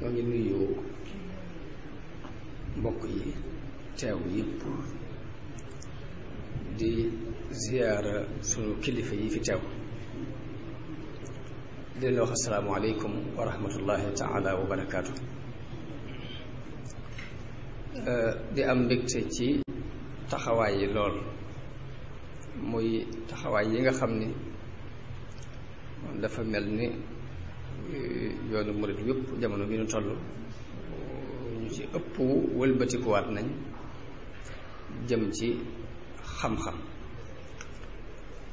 ñoo ngi nuyu mbokk yi teew yépp di ziyaara sunu kilifa yi fi teew di leen wax assalaamu aleykum wa rahmatullahi taala wa barakaatu euh, di am mbégte ci taxawaay yi lool muy taxawaay yi nga xam ni dafa mel ni yoonu murit yëpp jamono bi ñu toll ñu ci ëpp wëlbatikuwaat nañ jëm ci xam-xam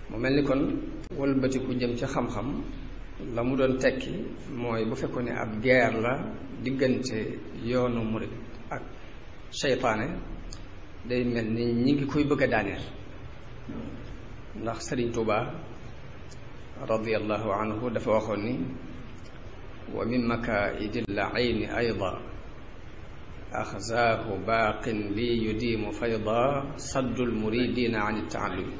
mu mel ni kon wëlbatiku jëm ci xam-xam la mu doon tekki mooy bu fekkoon ne ab guerre la diggante yoonu murit ak seytaane day mel ni ñi ngi koy bëgg a daaneel ndax Sëriñ Tuubaa radiyallahu anhu dafa waxoon ni ومن مكائد اللعين أيضا أخزاه باق لي يديم فيضا صد المريدين عن التعلم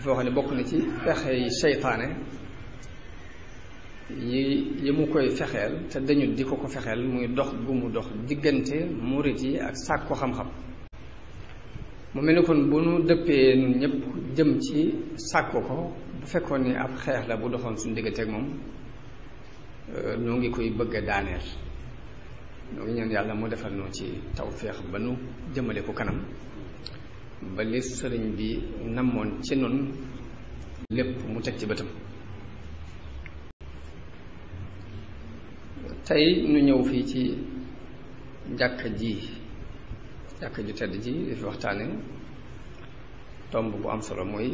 فوق اللي بقول فخي الشيطان يمكوي فخيل تدني ديكو كو فخيل مو دوخ بو مو دوخ ديغنتي موريتي اك ساكو خام خام مو ملي كون بو نو دبي نيب جيم سي Euh, noo ngi koy bëgg a daaneel noo ngi ñaan yàlla mu defal noo ci tawféex ba nu jëmale ko kanam ba li sëriñ bi namoon ci noonu lépp mu teg ci bëtam tey ñu ñëw fii ci jàkka ji jàkka ju tedd ji di fi waxtaane tomb bu am solo mooy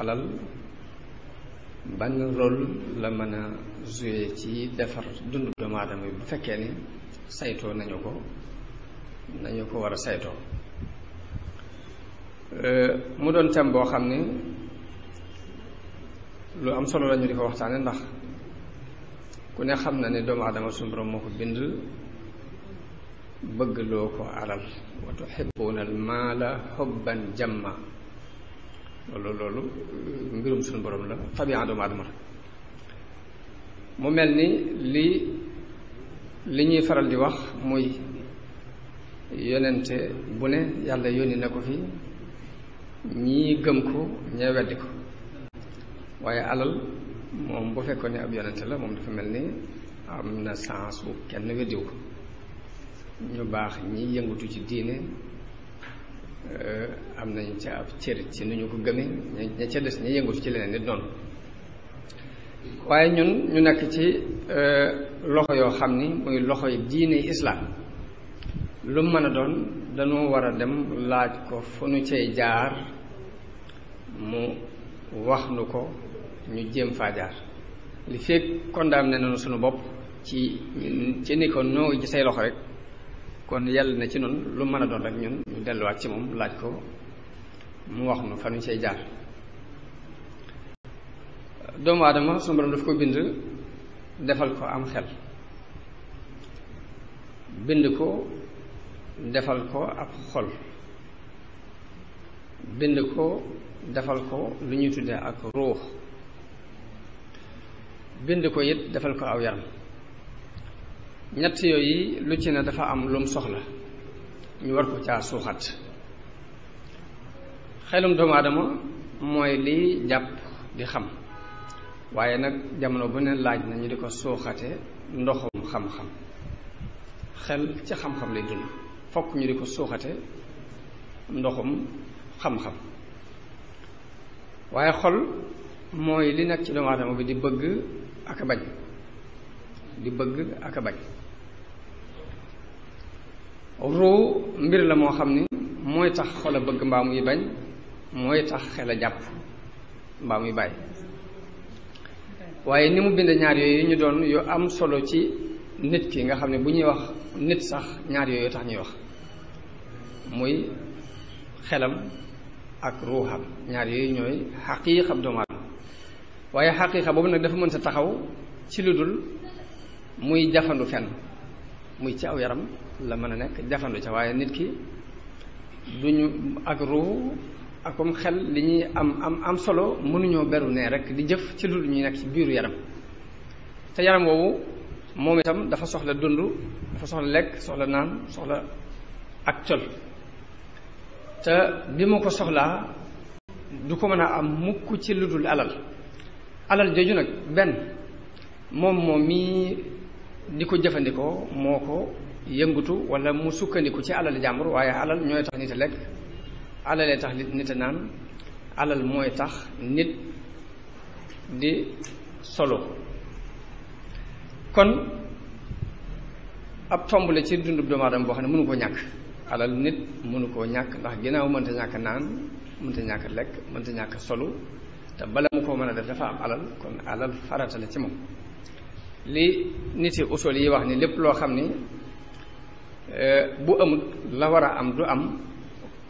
alal ban rôle la mën a jouer ci defar dundu doomu aadama yi bu fekkee ni saytoo nañu ko nañu ko war a saytoo euh, mu doon thème boo xam ne lu am solo la di ko waxtaane ndax ku ne xam na ne doomu adama suñu borom moo ko bind bëgg loo ko alal wa tuhibbuna al maala hubban jamma loolu loolu mbirum suñu borom la tabian doomu la mu mel ni li li ñuy faral di wax muy yonente bu ne yàlla yónni na ko fi ñii gëm ko ñee weddi ko waaye alal moom bu fekkoon ni ab yonente la moom dafa mel ni am na sens bu kenn weddiwu ko ñu baax ñi yëngatu ci diine Euh, am nañ ca ab cër ci nu ñu ko gëme ña ca des ña yëngutu ci leneen nit noonu waaye ñun ñu nekk ci euh, loxo yoo xam ni muy loxo yi diine islaam lu mën a doon dañu war a dem laaj ko fu nu cay jaar mu wax nu ko ñu jéem faa jaar li fekk condamné nañu sunu bopp ci ci ni ko noo ci say loxo rek kon yàlla na ci noonu lu mën a doon rek ñun ñu delluwaat ci moom laaj ko mu wax nu fa nu say jaar doomu aadama sunu borom daf ko bind defal ko am xel bind ko defal ko ab xol bind ko defal ko lu ñuy tuddee ak ruux bind ko yit defal ko aw yaram ñett yooyu lu ci na dafa am lum soxla ñu war ko caa suuxat xelum doomu aadama mooy li jàpp di xam waaye nag jamono bu ne laaj na ñu di ko suuxate ndoxum xam-xam xel ci xam-xam di ko suuxate ndoxum xam waaye xol mooy li nekk ci doomu bi di bëgg ak bañ di bëgg aka bañ ruu mbir la moo xam ni mooy tax xol a bëgg mbaa muy bañ mooy tax xel a jàpp mbaa muy bàyyi waaye ni mu bind ñaar yooyu ñu doon yu am solo ci nit ki nga xam ne bu ñuy wax nit sax ñaar yooyu tax ñuy wax muy xelam ak ruuxam ñaar yooyu ñooy xaqiiqa doomu aadama waaye xaqiiqa boobu nag dafa mën sa taxaw ci lu dul muy jafandu fenn muy ci aw yaram la mën a nekk jafandu ca waaye nit ki duñu ak ruuxu akum xel li ñuy am am am solo mënuñoo beru ne rek di jëf ci lu ñuy nekk ci biiru yaram te yaram woowu moom itam dafa soxla dundu dafa soxla lekk soxla naan soxla ak col te bi mu ko soxlaa du ko mën a am mukk ci lu dul alal alal jooju nag benn moom moom mii di ko jëfandikoo moo ko yëngatu wala mu sukkandiku ci alal jàmbur waaye alal ñooy tax nit a lekk alalee tax nit a naan alal mooy tax nit di solo kon ab tomb la ci dundub doomu boo xam ne mënu koo ñàkk alal nit mënu koo ñàkk ndax ginnaaw mënta ñàkk naan mënta ñàkk lekk mënta ñàkk solo te bala mu koo mën a def dafa am alal kon alal farata la ci moom li nit yi usul yi wax ni lépp loo xam ni euh, bu amul la war a am du am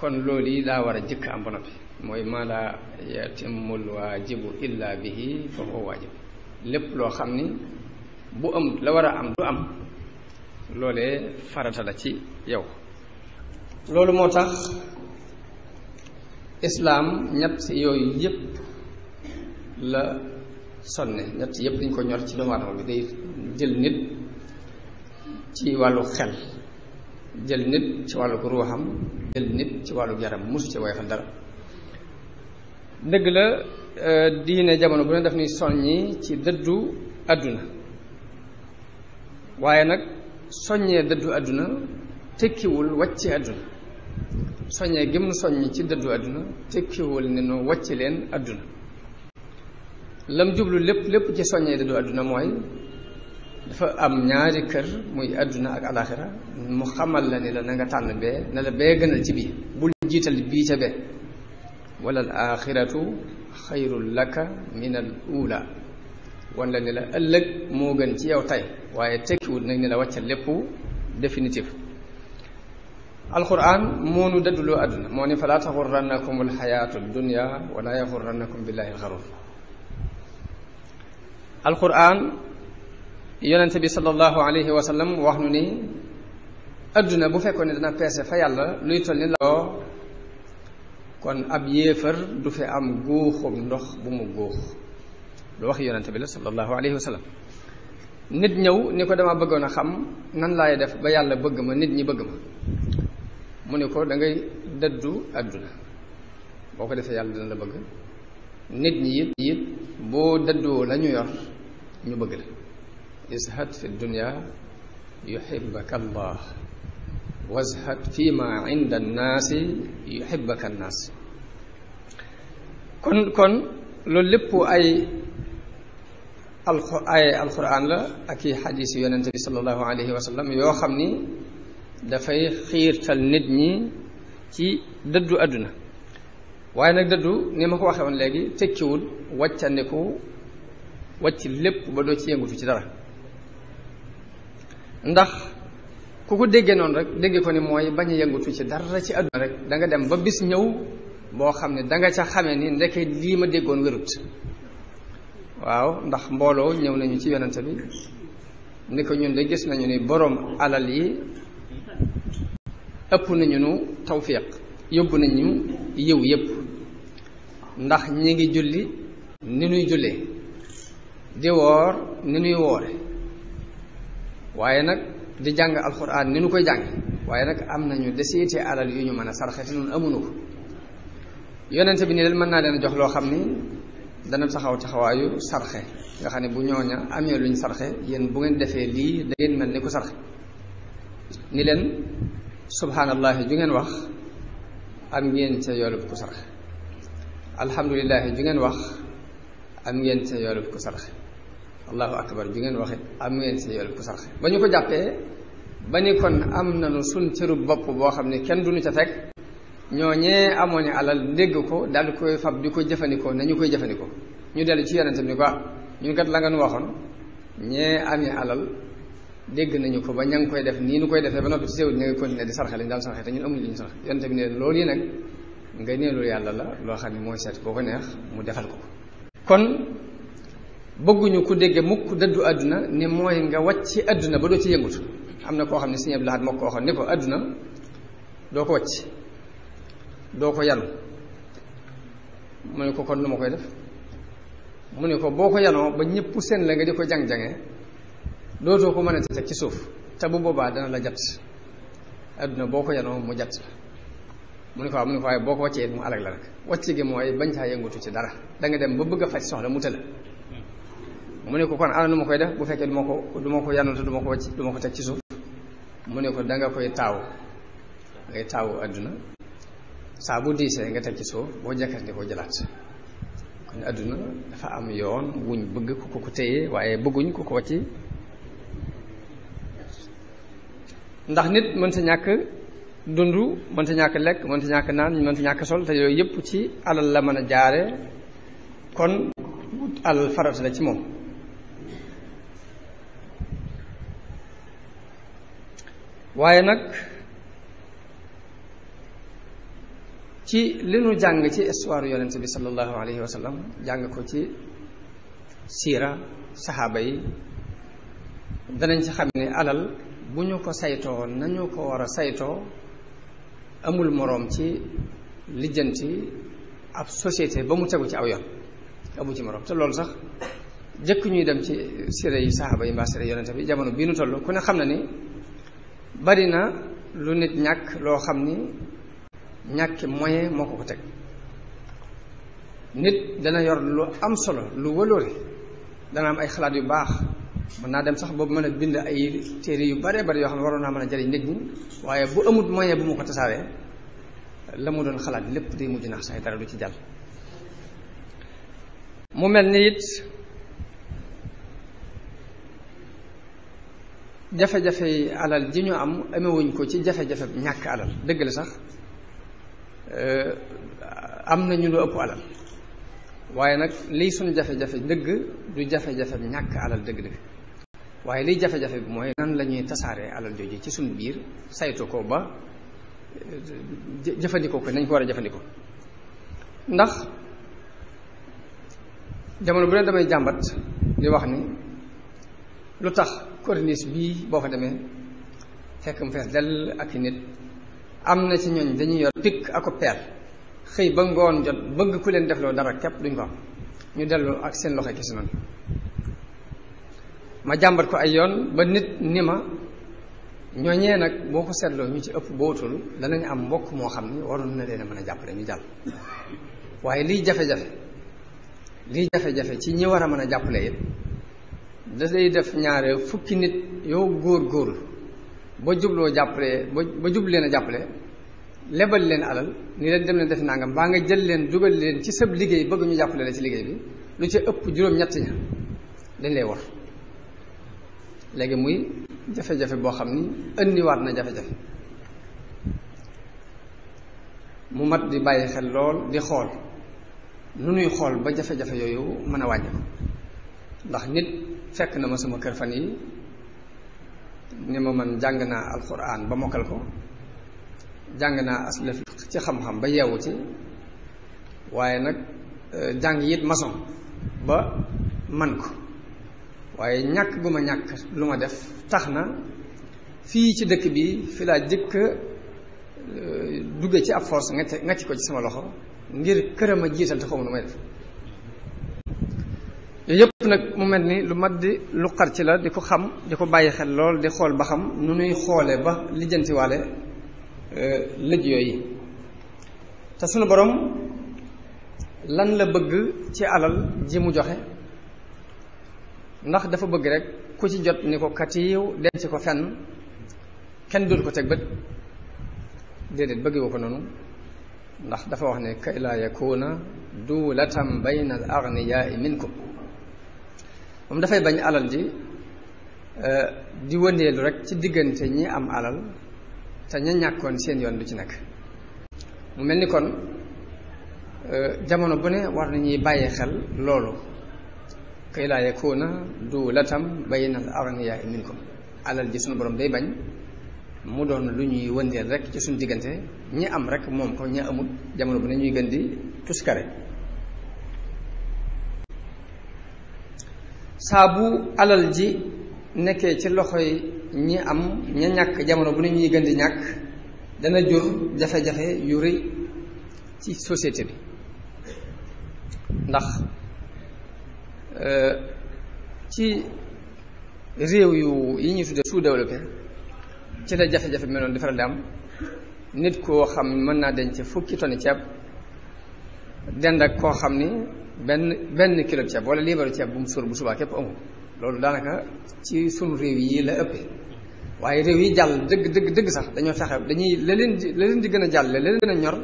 kon loolu yi daa war a jëkk am bi noppi mooy maa laa yatimul waajibu illa bihi fa waajib lépp loo xam ni bu amul la war a am du am loolee farata la ci yow loolu moo tax islaam ñett yooyu yépp la sonne ñett yépp dañ ko ñor ci doomu aadama bi day jël nit ci wàllu xel jël nit ci wàllu ruuxam jël nit ci wàllu yaram mosu ci way xel dara dëgg la euh, diine jamono bu ne daf ñuy soññi ci dëddu àdduna waaye nag soññee dëddu àdduna tekkiwul wàcce àdduna soññee gi mu soññ ci dëddu àdduna tekkiwul ne nu wàcce leen àdduna lam jublu lépp lépp ci soññee dëddu àdduna mooy dafa am ñaari kër muy àdduna ak alaxira mu xamal la ni la nanga nga tànn bee ne la bee gënal ci biir bul jiital bii ca bee wala al axiratu xayrul laka min al ula wan la ni la ëllëg moo gën ci yow tey waaye tekkiwut nag ni la wàccal lépp définitif alquran moo nu dëdduloo àdduna moo ni falaa taxurrannakum alxayaatu dunya wala yaxurrannakum billahi alxarur alquran yonent bi sallallahu alayhi wa sallam wax nu ni adduna bu fekkoon ne dana peese fa yàlla luy toll ni loo kon ab yéefar du fi am guuxum ndox bu mu guux lu wax yonent bi la sallallahu alayhi wa nit ñëw ni ko dama bëggoon a xam nan laay def ba yàlla bëgg ma nit ñi bëgg ma mu ne ko dangay ngay dëddu adduna boo ko defee yàlla dina la bëgg nit ñi it it boo dëddoo la ñu yor ñu bëgg la izhad fi dunya yuhibbaka allah wazhad fi ma inda annaasi yuhibbaka annaas kon kon loolu lépp ay alqu ay alquran la ak i xadis yu yonente bi salallahu alayhi wa sallam yoo xam ni dafay xiirtal nit ñi ci dëddu àdduna waaye nag dëddu ni ma ko waxee woon léegi tekkiwul wàccandiku wàcc lépp ba doo ci yëngutu ci dara ndax ku ko déggee noonu rek déggee ko ni mooy bañ a yëngutu ci dara ci àdduna rek danga dem ba bis ñëw boo xam ne danga nga ca xamee ni ndeke lii ma déggoon wérut waaw ndax mbooloo ñëw nañu ci yonante bi ni ko ñun de gis nañu ni boroom alal yi ëpp nañu nu tawfiq yóbbu nañu yiw yépp ndax ñi ngi julli ni ñuy julle di woor ni ñuy woore waaye nag di jàng alquran ni ñu koy jàng waaye nag am nañu alal yu ñu mën a sarxe te amunu ko yonente bi ni leen mën naa leen jox loo xam ni dana taxaw taxawaayu sarxe nga xam ne bu ñooña amee luñ sarxe yéen bu ngeen defee lii da ngeen mel ni ku sarxe ni leen subhanallahi ju ngeen wax am ngeen ca yoolub ku sarxe alhamdulilahi ju ngeen wax am ngeen sa yoolub ku sarxe allahu akbar ju ngeen waxit am ngeen sa yoolub ku sarxe ba ñu ko jàppee ba ni kon am nanu sun cërub bopp boo xam ne kenn du duñu ca teg ñooñee amoon alal dégg ko daal koy fab di ko jëfandikoo nañu koy jëfandikoo ñu dellu ci yonente bi ni ko ah ñun kat la nga nu waxoon ñee amee alal dégg ko ba ña ngi koy def nii nu koy defee ba noppi ci teewul ñu ngi continuer di sarxe lañu daan ñu sarxe yonente bi ne loolu yi nag nga neelul yàlla la loo xam ne mooy seet koo ko neex mu defal ko kon bëgguñu ku dégge mukk dëddu àdduna ne mooy nga wàcc àdduna ba doo ci yëngut am na koo xam ne si Abdou Lahad moo ko ne ko àdduna doo ko wàcc doo ko yanu mu ne ko kon nu ma koy def mu ne ko boo ko yanoo ba ñëpp seen la nga di ko jang-jange dootoo ko mën a teg ci suuf te bu boobaa dana la jat àdduna boo ko yanoo mu jat mu ne ko waaw mu ne ko waaye boo ko wàccee mu alag la nag wàcce gi mooy bañ saa yëngatu ci dara da dem ba bëgg a faj soxla mu tëla mu ne ko kon ana nu ma koy def bu fekkee du ko du ma ko yanul duma du ma ko wàcc du ma teg ci suuf mu ne ko danga koy taaw ngay taawu àdduna saa bu diisee nga teg ci suuf boo jëkkat di ko jëlaat kon àdduna dafa am yoon wuñ bëgg ku ko ko téye waaye bëgguñ ku ko wàcc ndax nit mën sa ñàkk dund mënta ñàkk lekk mënta ñàkk naan mënta ñàkk sol te yooyu yëpp ci alal la mën a jaare kon alal farata la ci moom waaye nag ci li nu jàng ci histoire yonent bi sallallahu alayhi ko ci siira saxaaba danañ ci xam alal bu ñu ko saytoo nañu ko war a saytoo amul moroom ci lijjanti ab société ba mu tegu ci aw yoon amu ci moroom te loolu sax jëkk ñuy dem ci sira saaba saxaaba yi mbaa sira yonente bi jamono bii nu toll ku ne xam na ni bari na lu nit ñàkk loo xam ni ñàkki moyen moo ko ko teg nit dana yor lu am solo lu wëloore dana am ay xalaat yu baax mën naa dem sax boobu mën a bind ay téere yu bare bari yoo xam ne waroon naa mën a jariñ nit ñi waaye bu amut moyen bu mu ko tasaawee la mu doon xalaat lépp day mujj nax sax dara du ci jal mu mel ni it jafe-jafe alal ji ñu am amewuñ ko ci jafe-jafe ñàkk alal dëgg la sax euh, am na ñu waaye nag liy suñu jafe-jafe dëgg du jafe-jafe ñàkk alal dëgg-dëgg waaye liy jafe-jafe bi mooy nan lañuy ñuy tasaaree alal jooju ci suñu biir saytu ko ba jëfandikoo ko nañ ko war a jëfandikoo ndax jamono bu ne damay jàmbat di wax ni lu tax corniche bii boo fa demee fekk mu fees dell ak i nit am na ci ñooñ dañuy yor pikk ak peer xëy ba ngoon jot bëgg ku leen defloo dara képp duñ ko am ñu dellu ak seen loxo ki si noonu ma jàmbat ko ay yoon ba nit ni ma ñooñee nag boo ko seetloo ñu ci ëpp bootul danañ am mbokk moo xam ni waroon na leen a mën a jàppale ñu jàll waaye liy jafe-jafe liy jafe-jafe ci ñi war a mën a jàppale it da day def ñaare fukki nit yow góor góorlu ba jubloo jàppale ba ba jub leen a jàppale lebal leen alal ni leen dem leen def nangam baa nga jël leen dugal leen ci sab liggéey bëgg ñu jàppale la ci liggéey bi lu ci ëpp juróom-ñett dañ lay war léegi muy jafe-jafe boo xam ni indiwaat na jafe-jafe mu mat di bàyyi xel lool di xool nu nuy xool ba jafe-jafe yooyu mën a wàññi ko ndax nit fekk na ma sama kër fan yi ni ma man jàng naa alxuraan ba mokkal ko jàng naa aslaf ci xam-xam ba yeewu ci waaye nag eh, jàng yit maçon ba man ko waaye ñàkk gu ma ñàkk lu ma def tax na fii ci dëkk bi fi laa jëkk euh, dugge ci ab force ngacc ngacc ko ci sama loxo ngir këram jiital te xaw ma nu may def yooyu yëpp nag mu mel ni lu mat di lu xar ci la di ko xam di ko bàyyi xel lool di xool ba xam nu nuy xoole ba lijjantiwaale euh, lëj yooyu te sunu borom lan la bëgg ci alal ji mu joxe ndax dafa bëgg rek ku ci jot ni ko katiiw denc ko fenn kenn dootu ko teg bët déedéet bëggewu ko noonu ndax dafa wax ne kay laa yakuna duulatam bayna al agniyaai minkum moom bañ alal ji euh, di wëndeelu rek ci diggante ñi am alal te ña ñàkkoon seen yoon du ci nekk mu mel ni kon euh, jamono bu ne war nañuy bàyyi xel loolu kay laa yakuna duulatam baynal agniyaa minkum alal ji suñu borom bay bañ mu doon lu ñuy wëndeel rek ci suñu diggante ñi am rek moom ko ña amul jamono bu ne ñuy gën di tuskare saa bu alal ji nekkee ci loxoy ñi am ña ñàkk jamono bu ne ñuy gën di ñàkk dana jur jafe-jafe yu rëy ci société bi ndax Euh, ci réew yu yi ñuy tudde sous-développé ci la jafe-jafe bi meloon defaral di am nit koo xam mën naa denc fukki tonni ceeb dend ak koo xam ni benn benn kilo ceeb wala liibaru ceeb bu mu suur bu subaa képp amul loolu daanaka ci sunu réew yi la ëppee waaye réew yi jàll dëgg dëgg dëgg sax dañoo fexe dañuy la leen di la leen di gën a jàll la leen gën a ñor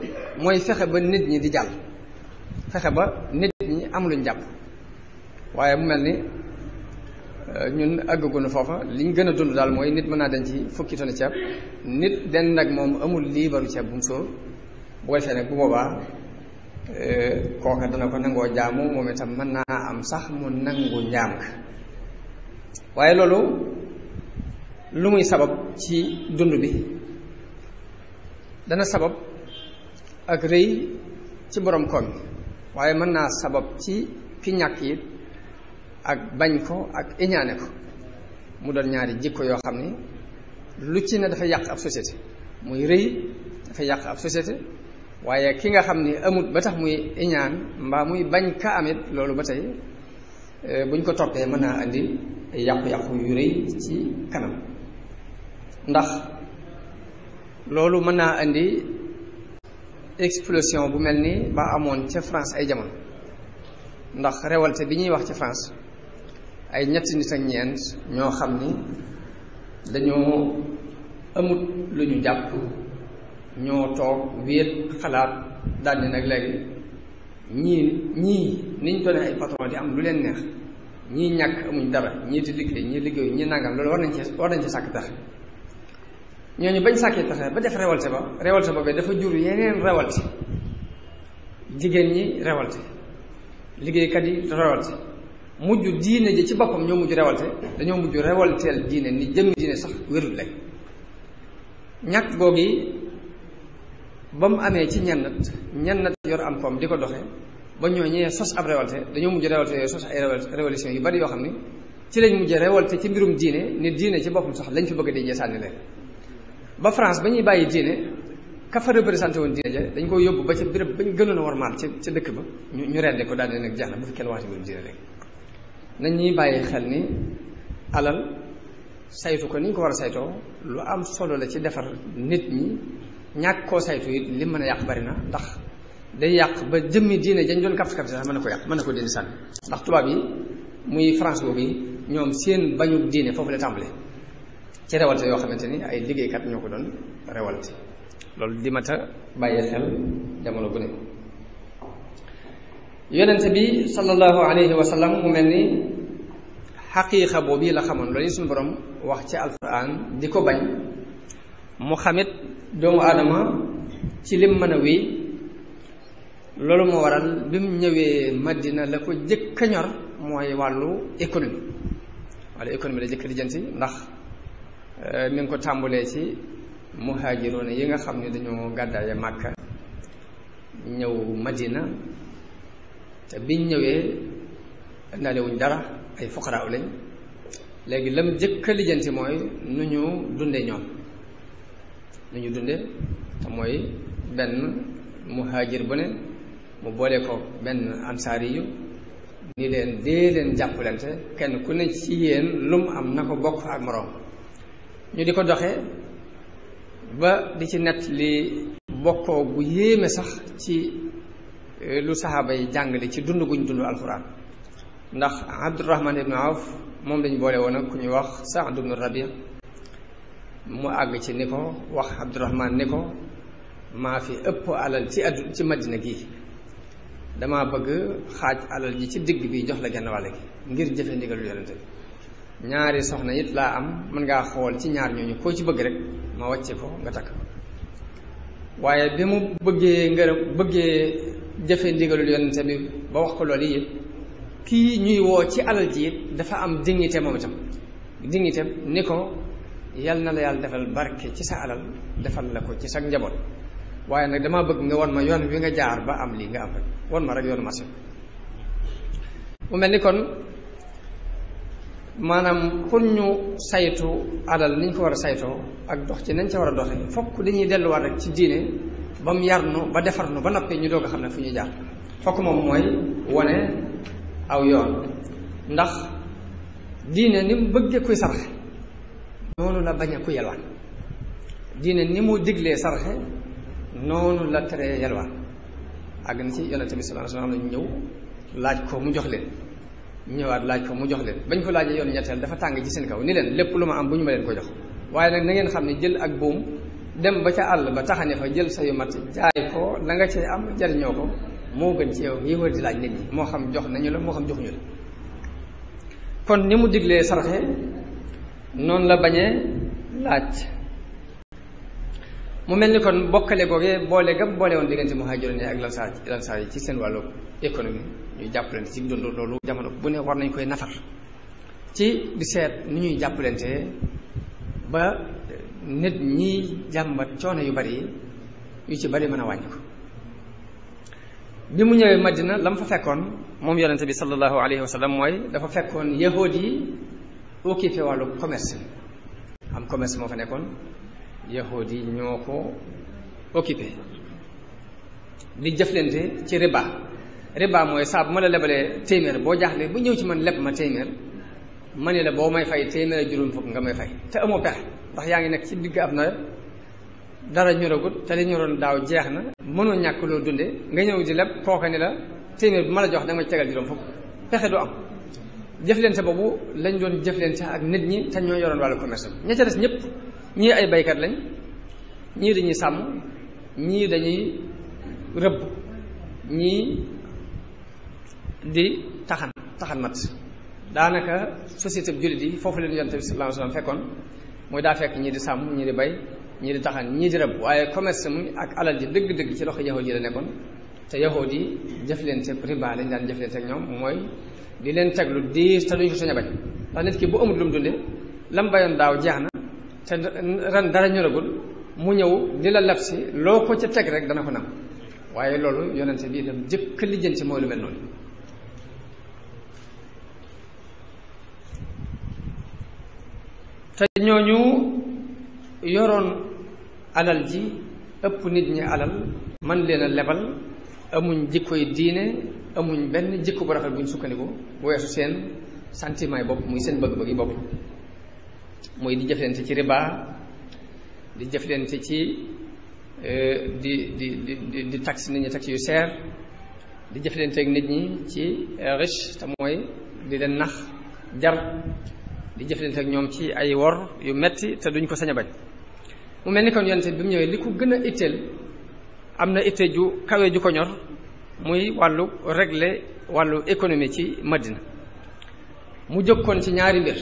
mooy fexe ba nit ñi di jàll fexe ba nit ñi am luñ jàpp waaye mu mel ni euh, ñun àggagunu foofa li ñu gën a dund daal mooy nit mën naa dem ci fukki tonne ceeb nit den nag moom amul liibaru ceeb bu mu sóor bu ko defee nag bu euh, dana ko nangoo jaamu moom itam mën naa am sax mu nangu njaam waaye loolu lu muy sabab ci dund bi dana sabab ak rëy ci borom koom waaye mën naa sabab ci ki ñàkk yi ak bañ ko ak iñaane ko mu doon ñaari jikko yoo xam ni lu ci ne dafa yàq ab société muy rëy dafa yàq ab société waaye ki nga xam ni amut ba tax muy iñaan mbaa muy bañ ka amit loolu ba tey eh, buñ ko toppee mën naa indi yàqu-yàqu yu rëy ci kanam ndax loolu mën naa indi explosion bu mel ni ba amoon ca France ay jamono ndax révolte bi ñuy wax ci France ay ñetti nit ak ñeent ñoo xam ni dañoo amut lu ñu jàpp ñoo toog wéet xalaat daldi nag léegi ñii ñii niñ doone ay patron di am lu leen neex ñii ñàkk amuñ dara ñii di liggéey ñii liggéey ñii nangam loolu war nañ ci war nañ ci sàkk pexe ñooñu bañ sàkkee pexe ba def révolte ba révolte ba dafa jur yeneen révolte jigéen ñi révolte liggéeykat yi révolte mujj diine ji ci boppam ñoo mujj rewalte dañoo mujj rewalteel diine ni jëmmi diine sax wérul lay ñàkk googu yi ba mu amee ci ñennat ñennat yor am koom di ko doxe ba ñoo ñëwee sos ab rewalte dañoo mujj rewalte yooyu sos ay révolution yu bari yoo xam ne ci lañ mujj rewalte ci mbirum diine ni diine ci boppam sax lañ fi bëgg di sànni leen ba France ba ñuy bàyyi diine ka fa représenté woon diine ja dañ ko yóbbu ba ca béréb bañ gënoon a war maal ca ca ñu ñu rendi ko daal di nag jaaxle bu fi kenn waxati mbirum nañ ñuy bàyyi xel ni alal saytu ko ni ñu ko war a saytoo lu am solo la ci defar nit ñi ñàkk koo saytu it li mën a yàq bari na ndax day yàq ba jëmmi diine jañ doon kapsi kapsi sax mën na ko yàq mën na ko dindi sànni ndax tubaab yi muy France boobu ñoom seen bañu diine foofu la tàmbale ci rewalte yoo xamante ni ay liggéeykat ñoo ko doon rewalte loolu di mata bàyyi xel jamono bu ne yonent bi sallallahu alayhi wa mu mel ni xaqiiqa boobu la xamoon loolu suñu borom wax ci alquran di ko bañ mu xamit doomu aadama ci lim mën a wéy loolu moo waral bi mu ñëwee Madina la ko jëkk ñor mooy wàllu économie wala économie la jëkk lijjanti ndax euh, mi ngi ko tàmbulee ci muhaajiroona yi nga xam ne dañoo gàddaaye Màkka ñëw Madina te biñ ñëwee nalewuñ dara ay fuqaraaw lañ léegi lam jëkk a lijjanti mooy nu ñu dunde ñoom nu ñu dunde te mooy benn muhaajir bu ne mu boole ko benn ansaari yu ni leen dee leen jàppalante kenn ku ne ci yéen lu mu am na ko bokk ak moroom ñu di ko doxee ba di ci nett li bokkoo bu yéeme sax ci Euh, lu saxaaba yi jàngale ci dund guñ dund alxuraan ndax abdurahman ibnu awf moom lañ boole woon ak ku ñuy wax saad ibnu rabi mu àgg ci ni ko wax abdurahman ni ko maa fi ëpp alal ci addu ci madina gii dama bëgg xaaj alal ji ci digg bi jox la genn wàll gi ngir jëfe ndigalu yonente ñaari soxna it laa am mën ngaa xool ci ñaar ñooñu koo ci bëgg rek ma wàcce ko nga takk waaye bi mu bëggee ngërëm bëggee jëfe ndigalul yonente bi ba wax ko loolu yëpp kii ñuy woo ci alal ji it dafa am dignité moom itam dignité ni ko yal na la yàlla defal barke ci sa alal defal la ko ci sa njaboot waaye nag damaa bëgg nga won ma yoon wi nga jaar ba am lii nga am rek won ma rek yoonu marché mu mel ni kon maanaam pour ñu saytu alal ni ñu ko war a saytoo ak dox ci nañ ca war a doxe fokk dañuy delluwaat rek ci diine ba mu yar nu ba defar nu ba noppi ñu doog a xam ne fu ñu jaar xokk moom mooy wone aw yoon ndax diine ni mu bëggee kuy sarxe noonu la bañ a ku yelwaan diine ni mu diglee sarxe noonu la teree yelwaan àgg na ci yonente bi sallallahu alayhi wasallam lañu ñëw laaj ko mu jox leen ñëwaat laaj ko mu jox leen bañ ko laaj yoon ñetteel dafa tàng ci seen kaw ni leen lépp lu ma am bu ñu ma leen ko jox waaye nag na xam ne jël ak buum dem ba ca àll ba taxane fa jël sa yu mat jaay ko la nga cay am jariñoo ko moo gën ci yow yi war di laaj nit ñi moo xam jox nañu la moo xam joxuñu la kon ni mu diglee sarxe noonu la bañee laaj mu mel ni kon bokkale googee boole gam boole woon diggante muhaajiroon yi ak lansaar lansaar yi ci seen wàllu économie ñuy jàppalante ci dund loolu jamono bu ne war nañ koy nafar ci di seet ni ñuy jàppalante ba nit ñi jàmbat coono yu bari yi yu ci bari mën a wàññi ko bi mu ñëwee Madina la mu fa fekkoon moom yonente bi sallallahu alayhi wa sallam mooy dafa fekkoon yahood yi occupé wàllu commerce am commerce moo fa nekkoon yahood yi ñoo ko occupé di jëflante ci riba riba mooy saa ma la lebalee téeméer boo jaaxle bu ñëw ci man leb ma téeméer ma ne la boo may fay téeméer juróom fukk nga may fay te amoo pexe ndax yaa ngi nekk ci digg ab nawet dara ñoragut te li ñoroon daaw jeex na mënoo ñàkk loo dunde nga ñëw di leb kooka ni la téeméer bu ma la jox danga ma tegal juróom fukk pexe du am jëflante boobu lañ doon jëflante ak nit ñi te ñoo yoroon wàllu commerce bi ña ca des ñëpp ñii ay baykat lañ ñii dañuy sàmm ñii dañuy rëbb ñii di taxan taxan mat daanaka société bi jullit yi foofu leen yonte bi sallallahu alayhi fekkoon mooy daa fekk ñii di sàmm ñii di bay ñii di taxan ñii di rëbb waaye commerce mi ak alal ji dëgg-dëgg ci loxo yahud yi la nekkoon te yahud yi jëflante riba lañ daan jëflante ak ñoom mooy di leen teg lu diis te duñ ko sañ a bañ ndax nit ki bu amul lu mu dundee lam bayoon daaw jeex na te ren dara ñoragul mu ñëw di la lab si loo ko ca teg rek dana ko nam waaye loolu yonente bi itam jëkk lijjanti mooy lu mel noonu te ñooñu yoroon alal ji ëpp nit ñi alal man leen lebal amuñ jikkoy diine amuñ benn jikko bu rafet buñ sukkandiku bu weesu seen sentiment yi bopp muy seen bëgg-bëgg yi bopp muy di jëflante ci riba di jëflante ci euh, di di di di tax nit ñi tax yu seer di jëflante ak nit ñi ci riche te mooy di leen nax jar di jëflante ak ñoom ci ay wor yu metti te duñ ko sañ a bañ mu mel ni kon yonent bi mu ñëwee li ko gën a itteel am na itte ju kawe ju ko ñor muy wàllu régler wàllu économie ci Madina mu jëkkoon ci ñaari mbir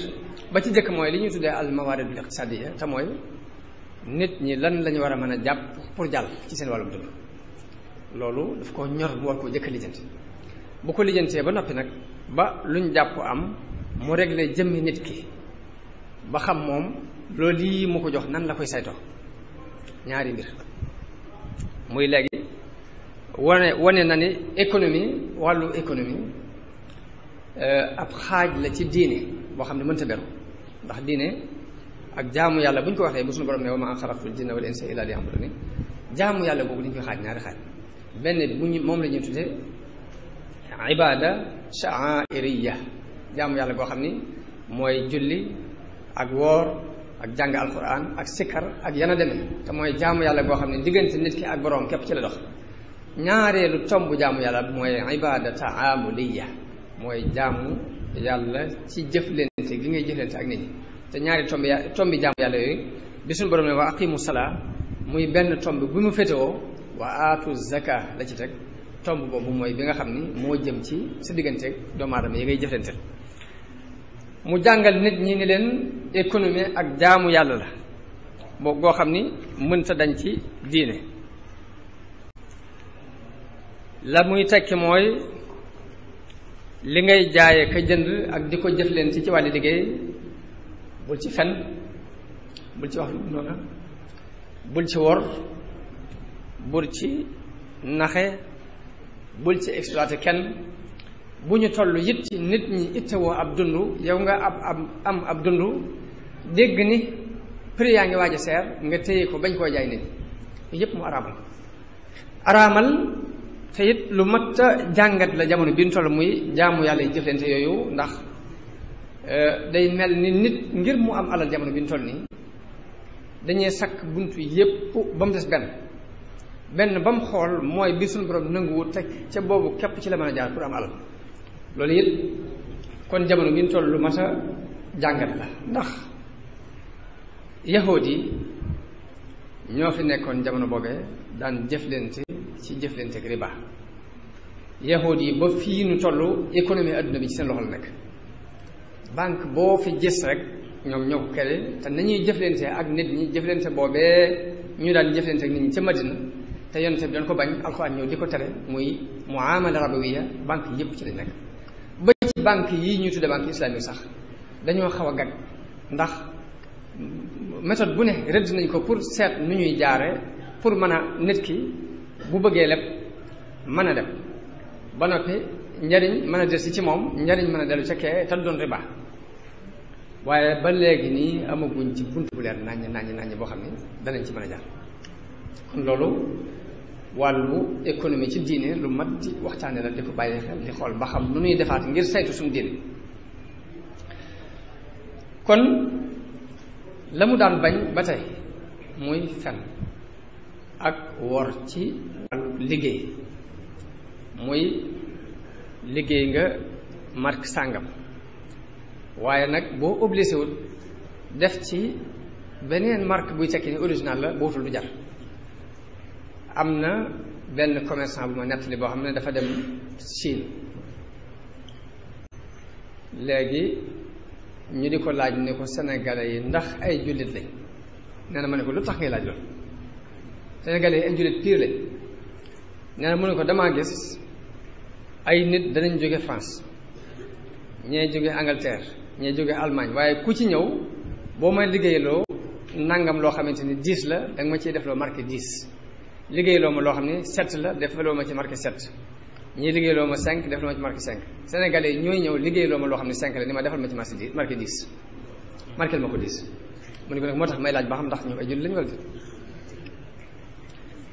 ba ci jëkk mooy li ñuy tuddee al mawaaridul iqtisadiya te mooy nit ñi lan lañu war a mën a jàpp pour jàll ci seen wàllum dund loolu daf ko ñor mu war koo jëkk lijjanti bu ko lijjantee ba noppi nag ba luñ jàpp am mu réglé jëmmi nit ki ba xam moom loolu mu ko jox nan la koy saytoo ñaari mbir muy léegi wane wane na ni économie wàllu économie euh, ab xaaj la ci diine boo xam ne mënta beru ndax diine ak jaamu yàlla bu ñu ko waxee bu ma xalaqtul jinna wal insa illa liya'budun yàlla boobu li ñu koy xaaj ñaari xaaj benn bi mu ñu moom la ñuy tuddee ibada sha'airiyya jàmm yàlla goo xam ni mooy julli ak woor ak jàng alquran ak sikkar ak yana demee te mooy jaamu yàlla goo xam ne diggante nit ki ak boroom képp ci la dox ñaareelu tomb jàmm yàlla mooy ibada taamuliya mooy jaamu yàlla ci jëflante gi ngay jëflante ak te ñaari tomb ya tombi jaamu yàlla yooyu bi suñu borom ne wa aqimu salaa muy benn tomb bi mu fétewoo wa aatu la ci teg tomb boobu mooy bi nga xam ni moo jëm ci sa digganteeg doomu aadama yi ngay jëflante mu jàngal nit ñi ni leen économie ak jaamu yàlla la boo goo xam ni mënta dañ ci diine la muy tekki mooy li ngay jaaye ka jënd ak di ko jëflante ci wàllu liggéey bul ci fen bul ci wax lu bul ci wor bul ci naxe bul ci exploité kenn bu ñu toll it nit ñi ittewoo ab dund yow nga ab ab ab dund dégg ni prix yaa ngi waaj a seer nga téye ko bañ koo jaay nit yëpp mu araamal araamal te it lu mat a jàngat la jamono bi ñu muy jaamu yàlla yi jëflante yooyu ndax euh, day mel ni nit ngir mu am alal jamono bi ñu nii dañuy sakk buntu yépp ba mu des benn benn ba mu xool mooy bi suñu borom nanguwu teg ca boobu képp ci la mën a jaar pour am alal loolu it kon jamono bi ñu toll lu mat jàngat la ndax yahood yi ñoo fi nekkoon jamono boobee daan jëflante ci jëflante ak riba yahood yi ba fii nu toll économie àdduna bi ci seen loxo la nekk banque boo fi gis rek ñoom ñoo ko kere te nañuy jëflante ak nit ñi jëflante boobee ñu daan jëflante ak nit ñi ca Madina te yonte bi doon ko bañ alxuraan ñëw di ko tere muy muamala rabawiya banque yépp ci lañ nekk ba ci banque yi ñuy tudde banque islamique sax dañoo xaw a gag ndax méthode bu ne rëdd nañ ko pour seet nu ñuy jaare pour mën a nit ki bu bëggee lépp mën a dem ba noppi njariñ mën a des ci moom njariñ mën a dellu ca kee te doon riba waaye ba léegi nii amaguñ ci bunt bu leer naññ naññ naññ boo xam ne danañ ci mën a jaar kon loolu wàllu économie ci diine lu mat di waxtaane la di ko bàyyi xel di xool ba xam lu nuy defaat ngir saytu suñu diine kon la mu daan bañ ba tey muy fen ak wor ci wàllu liggéey muy liggéey nga marque sàngam waaye nag boo obligé wul def ci beneen marque buy tekki ni original la bootul du jar am na benn commerçant bu ma nettali boo xam ne dafa dem Chine léegi ñu di ko laaj ne ko sénégalais yi ndax ay jullit lañ nee ma ne ko lu tax ngay laaj loolu sénégalais yi ay jullit pire lañ nee na ne ko damaa gis ay nit danañ jóge France ñee jóge Angleterre ñee jóge Allemagne waaye ku ci ñëw boo may liggéeyaloo nangam loo xamante ni 10 la danga ma ciy def loo marqué diis liggéeyloo lo loo xam ne sept la defaloo ma ci marqué sept ñii liggéeyloo 5 cinq defaloo ma ci marqué 5 sénégalais ñoy ñëw liggéeyloo lo loo xam ne cinq la ni ma defal ma ci marqué 10 marqué dix marqué ma ko mu ni ko nak motax may laaj ba xam ndax ñu ay jël lañu wala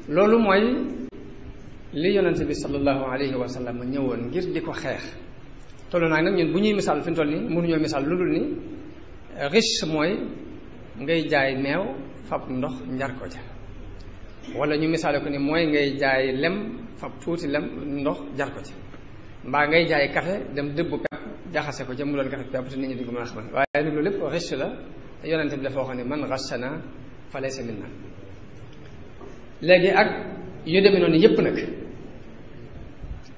lolu moy li yonente bi sallallahu alayhi wa sallam ñëwoon ngir diko xex xeex nak nak ñun bu ñuy misal fi tolni toll ñu misal misaal ni riche moy ngay jaay meew fap ndox ñar ko ca wala ñu misaale ko ni mooy ngay jaay lem fab tuuti lem ndox jar ko ci mbaa ngay jaay café dem dëbbu pepp jaxase ko ca mu doon café pepp te nit ñi di ko mën a xamal waaye loolu lépp la te yonente ne man rachana fa laysa minna léegi ak yu demee noonu yépp nag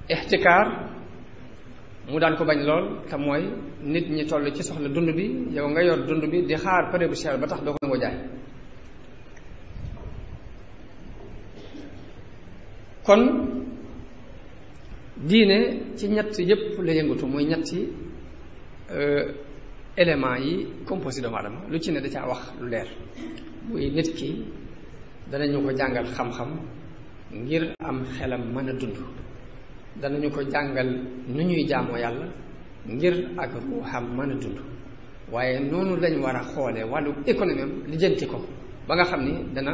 ixtikaar mu daan ko bañ lool te mooy nit ñi toll ci soxla dund bi yow nga yor dund bi di xaar période bu cher ba tax doo ko nangoo jaay kon diine ci ñett yépp la yëngatu muy ñetti euh, éléments yi composé doomu aadama lu ci ne da caa wax lu leer muy nit ki danañu ko jàngal xam-xam ngir am xelam mën a dund danañu ko jàngal nu ñuy jaamoo yàlla ngir ak ruuxam mën a dund waaye noonu lañ war a xoole wàllu économie am ko ba nga xam ni dana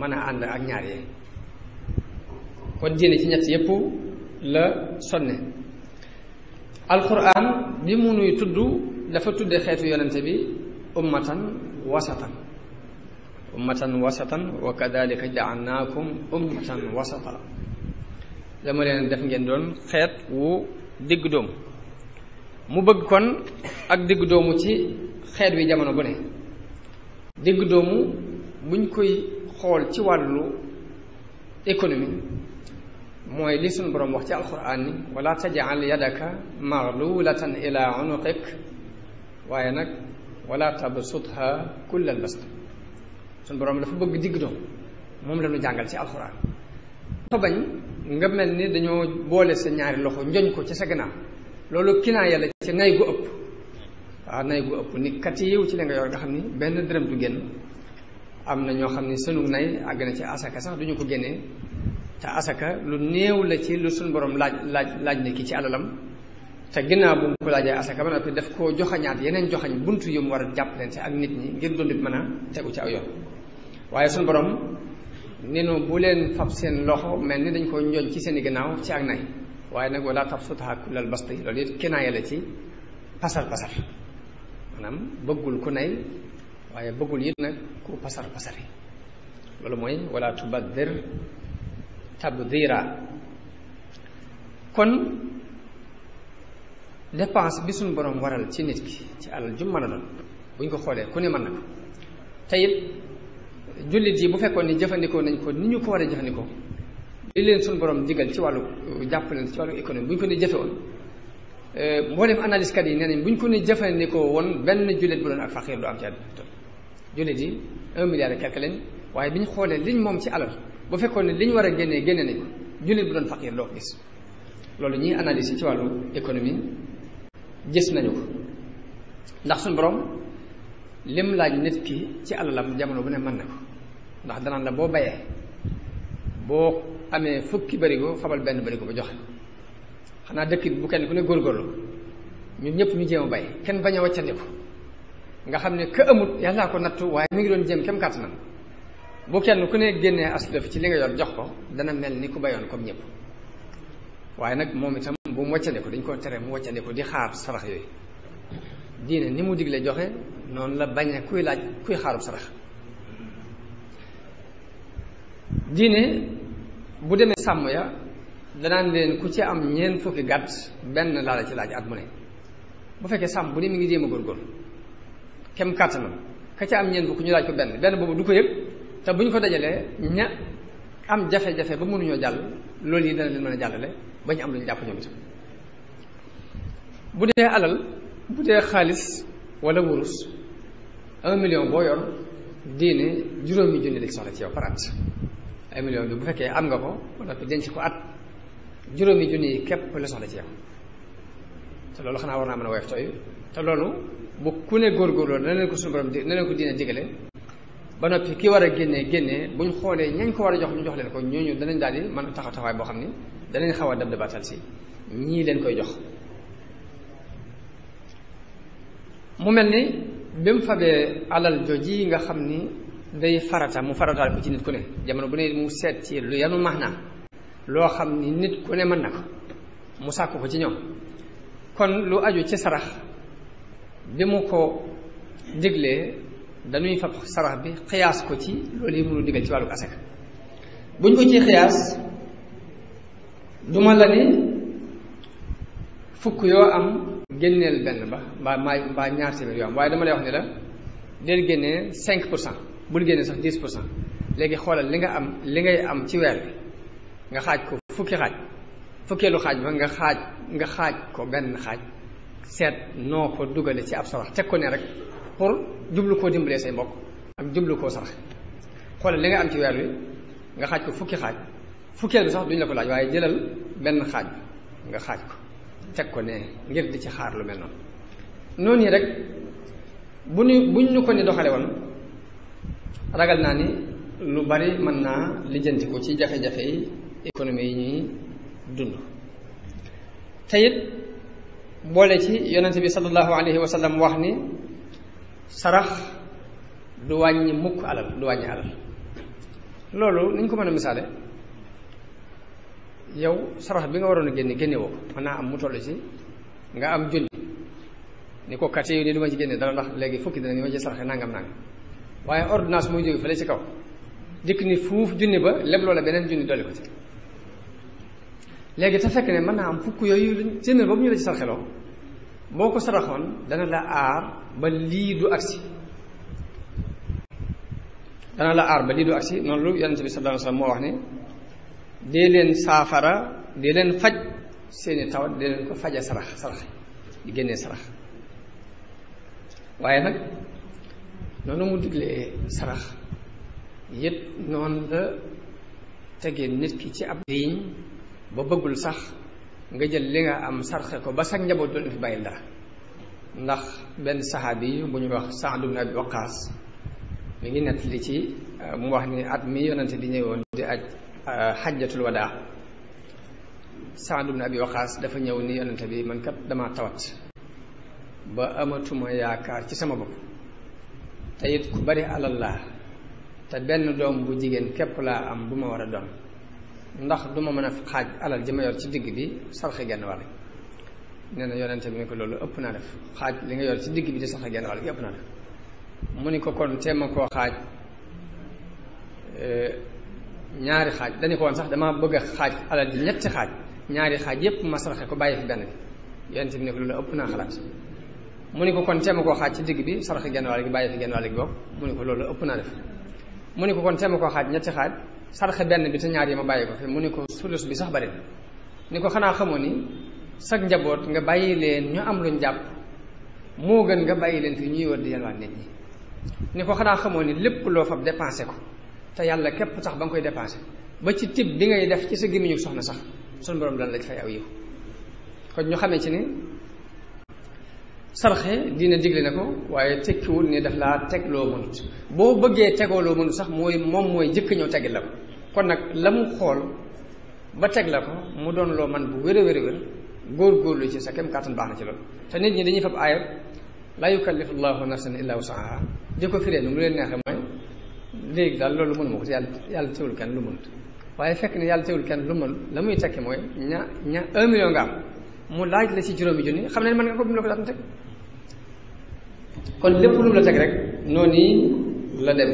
mën a ànd ak ñaar yee kon diine ci ñett yépp la sonne alquran bi mu nuy tudd dafa tudd xeetu yonente bi ummatan wasatan ummatan wasatan wa kadalika jaalnaakum ummatan wasata dama leen def ngeen doon xeet wu digg doomu mu bëgg kon ak digg doomu ci xeet wi jamono bu ne digg doomu buñ koy xool ci wàllu économie mooy li suñu boroom wax ci alquran ni wala tajal yadaka maglulatan ila unuqik waaye nag wala tabsutha kullal bast suñu boroom dafa bëgg digg doom moom la jàngal ci alquran dafa bañ nga mel ni dañoo boole sa ñaari loxo njoñ ko ci sa gannaaw loolu kinaaya la ci nay gu ëpp waaw nay gu ëpp ni kat yiw ci li nga yor nga xam ni benn dërëm du génn am na ñoo xam ni sunu nay àgg na ci asaka sax duñu ko génnee te asaka lu néew la ci lu suñ borom laaj laaj laaj na ki ci alalam te ginnaaw bu mu ko laajee asaka ba ko daf koo joxañaat yeneen joxañ bunt yu mu war a jàppalante ak nit ñi ngir dund bi mën a tegu ci aw yoon waaye suñ borom ni bu leen fab seen loxo mel ni dañ ko njoñ ci seen i ginnaaw ci ak nay waaye nag wala tab sutaha kullal basti loolu it kinaaya la ci pasar pasar maanaam bëggul ku nay waaye bëggul it nag ku pasar pasari loolu mooy tabdira kon dépense bi suñu borom waral ci nit ki ci alal ju mën doon bu ko xoolee ku ne mën na ko te it jullit yi bu fekkoon ni jëfandikoo nañ ko ni ñu ko war a jëfandikoo li leen suñu borom digal ci wàllu jàppaleen ci wàllu économie bu ñu ko ne jëfe woon euh, mboolem analyse yi nee nañ buñ ko ne jëfandikoo woon benn jullit bu doon ak faqiir du am ci àdduna jullit yi un milliard et quelque waaye bi xoolee liñ moom ci alal bu fekkoon ne li ñu war a génnee génne nañ ko jullit bu doon faqiir doo ko gis loolu ñuy analyse yi ci wàllu économie gis nañu ko ndax suñu borom lim laaj nit ki ci alalam jamono bu ne man na ko ndax danaan la boo bayee boo amee fukki barigo fabal benn barigo ba joxe xanaa dëkk bu kenn ku ne góorgóorlu ñun ñëpp ñu jéem a bay kenn bañ a wàccandiku nga xam ne ka amut yàllaa ko nattu waaye mi ngi doon jéem kem kàttanam bu kenn ku ne génnee aslëf ci li nga yor jox ko dana mel ni ku bayoon comme ñëpp waaye nag moom itam bu mu wàccandiku dañ koo tere mu wàccandiku di xaar sarax yooyu diine ni mu digle joxe noonu la bañe kuy laaj kuy xaarub sarax diine bu demee sàmm ya danaan leen ku ci am ñeen fukki gàtt benn laa la ci laaj at mu ne bu fekkee sàmm bu ne mi ngi jéem a góorgóorlu kem kàttanam ka ci am ñeen fukki ñu laaj ko benn benn boobu du ko yëg te bu ñu ko dajalee ña am jafe-jafe ba mënuñoo jàll loolu yi dana leen mën a jàllale ba ñu am lu ñu jàpp ñoom itam bu dee alal bu dee xaalis walla wurus un million boo yor diine juróomi junni lañ soxla ci yow par ay million bi bu fekkee am nga ko wala ko denc ko at juróomi junni yi képp la soxla ci yow te loolu xanaa war naa mën a woyof tooy te loolu bu ku ne góorgóorloo na leen ko suñu borom di na leen ko diine digale ba noppi ki war a génnee génnee buñ xoolee ñañ ko war a jox ñu jox leen ko ñu ñu danañ daal di mën a taxaw boo xam ni danañ xaw a dab dabaatal si ñii leen koy jox mu mel ni bi mu fabee alal jooji nga xam ni day farata mu farataal ko ci nit ku ne jamono bu ne mu seet ci lu yanu max naa loo xam ni nit ku ne mën na mu sàkk ko ci ñoom kon lu aju ci sarax bi mu ko diglee dañuy fab sarax bi xiyaas ko ci loolu yi mënu digal ci wàllu asaka buñ ko ci xiyaas duma la ne fukk yoo am génneel benn ba mbaa maa mbaa ñaar téeméer waaye dama lay wax ne la del génnee cinq pour sax dix léegi xoolal li nga am li ngay am ci weer bi nga xaaj ko fukki xaaj fukkeelu xaaj ba nga xaaj nga xaaj ko benn xaaj seet noo ko dugale ci ab sarax teg ko ne rek pour jublu koo dimbalee say mbokk ak jublu ko sarax xoolal li nga am ci weer wi nga xaaj ko fukki xaaj fukkeel bi sax duñ la ko laaj waaye jëlal benn xaaj bi nga xaaj ko teg ko ne ngir di ci xaar lu mel noonu noonu rek bu ñu buñ ñu ko ni doxale woon ragal naa ni lu bari mën naa lijjanti ko ci jafe-jafe yi économie yi ñuy dund te boole ci yonente bi sallallahu alayhi wa wax ni sarax du wàññi mukk alal du wàññi alal loolu ni ko mën a misaale yow sarax bi nga waroon a génne génne woo ko mën naa am mu toll ci nga am junni ni ko kat yooyu ne du ma ci léegi fukki dina ni ma ci saraxe nangam nangam waaye ordonnance mooy jóge fële ci kaw dikk ni fuuf junni ba leb loola beneen junni dolli ko ci léegi te fekk ne mën naa am fukk yooyu seen ba bu ñu la ci saraxeloo boo ko saraxoon dana la aar ba lii du agsi dana la aar ba lii du agsi noonu lu yonent bi sallallahu alayhi moo wax ne dee leen saafara dee leen faj seeni tawat dee leen ko faja sarax sarax di génnee sarax waaye nag noonu mu diglee sarax yëpp noonu la tegee nit ki ci ab liiñ ba bëggul sax nga jël li nga am sarxe ko ba sag njaboot doon fi bàyyil dara ndax benn saxaabi yi bu ñu wax Saad ibn Abi Waqaas mi ngi nett li ci euh, mu wax ni at mi yonante di ñëwoon di aj xajjatul euh, wadaa Saad ibn Abi Waqaas dafa ñëw ni yonante bi man kat damaa tawat ba amatuma yaakaar ci sama bopp te ku bari alal la te benn doom bu jigéen képp laa am bu ma war a doon ndax duma mën a xaaj alal ji ma ci digg bi sarxe genn wàll nee na yonente bi ne ko loolu ëpp naa def xaaj li nga yor ci digg bi di sax ak genn wàll gi ëpp naa def mu ni ko kon teem ma koo xaaj eh, ñaari xaaj dañu ko woon sax damaa bëgg a xaaj alal ji ñetti ñaari xaaj yépp ma saraxe ko bàyyi fi benn bi yonente bi ne ko loolu ëpp naa xalaat mu ni ko kon teem ko koo xaaj ci digg bi saraxe genn wàll gi bàyyi fi genn wàll gi mu ni ko loolu ëpp naa def mu ni ko kon teem ma koo xaaj ñetti xaaj saraxe benn bi te ñaar yi ma bàyyi ko fi mu ni ko sulus bi sax bari ni ko xanaa xamoo sag njaboot nga bàyyi leen ñu am luñ njàpp moo gën nga bàyyi leen fi ñuy war di yalwaan nit ñi ni ko xanaa xamoo ni lépp loo fab dépensé ko te yàlla képp tax ba nga koy dépensé ba ci tib bi ngay def ci sa gémmiñu soxna sax suñu borom dana la fay aw yiw kon ñu xamee ci ni sarxe dina digle na ko waaye tekkiwul ni daf laa teg loo mënut boo bëggee tegoo loo mënut sax mooy moom mooy jëkk ñëw tegil la ko kon nag la mu xool ba teg la ko mu doon loo man bu wér a góor-góorlu ci sa kem kàttan baax na ci loolu te nit ñi dañuy fab aaya laa yukallifu llaahu nafsan illaa wusaha di ko firee nu mu leen neexee mooy léegi daal loolu mënu ma ko yàlla yàlla teewul kenn lu mënut waaye fekk ne yàlla teewul kenn lu mën la muy tekki mooy ña ña un million nga am mu laaj la ci juróomi junni xam ne mën nga ko bi la ko daatan teg kon lépp lu la teg rek noonu yi la dem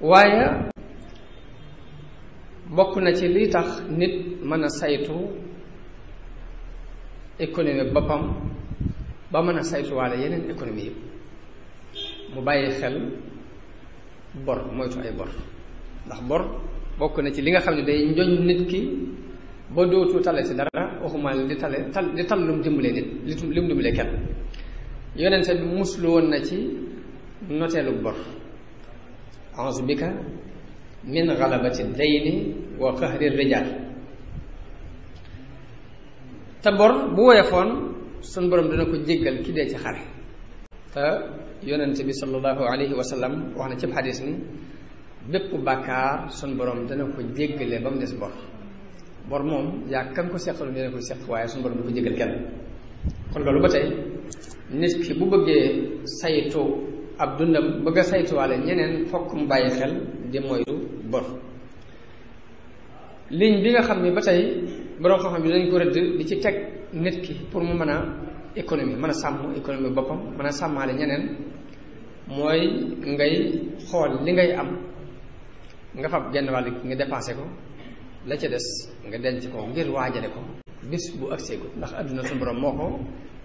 waaye bokk na ci li tax nit mën a saytu économie boppam ba mën a saytuwaale yeneen économie yëpp mu bàyyi xel bor moytu ay bor ndax bor bokk na ci li nga xam ne day njoñ nit ki ba dootu tale ci dara waxuma di tale tal di tal lu mu dimbalee nit li li mu dimbalee kenn yonente bi woon na ci noteelu bor ange bi min galabati dayni wa qahri rijaal te bor bu woyofoon sun borom dina ko jéggal ki dee ci xare te yonent bi sallallahu alayhi wa sallam wax na ci xadis ni bépp bàkkaar sun borom dana ko jéggale ba mu des bor bor moom yaa kan ko seqaloon yéen a ko seq waaye sun borom du ko jéggal kenn kon loolu ba tey nit ki bu bëggee saytu ab dundam bëgg a saytuwaale ñeneen fokk mu bàyyi xel di moytu bor ligne bi nga xam ne ba tey borom xam-xam bi dañ ko rëdd di ci teg nit ki pour mu mën a économie mën a sàmm économie boppam mën a sàmmaale ñeneen mooy ngay xool li ngay am nga fab genn wàll nga dépensé ko la ca des nga denc ko ngir waajale ko bis bu agsee ko ndax adduna suñu borom moo ko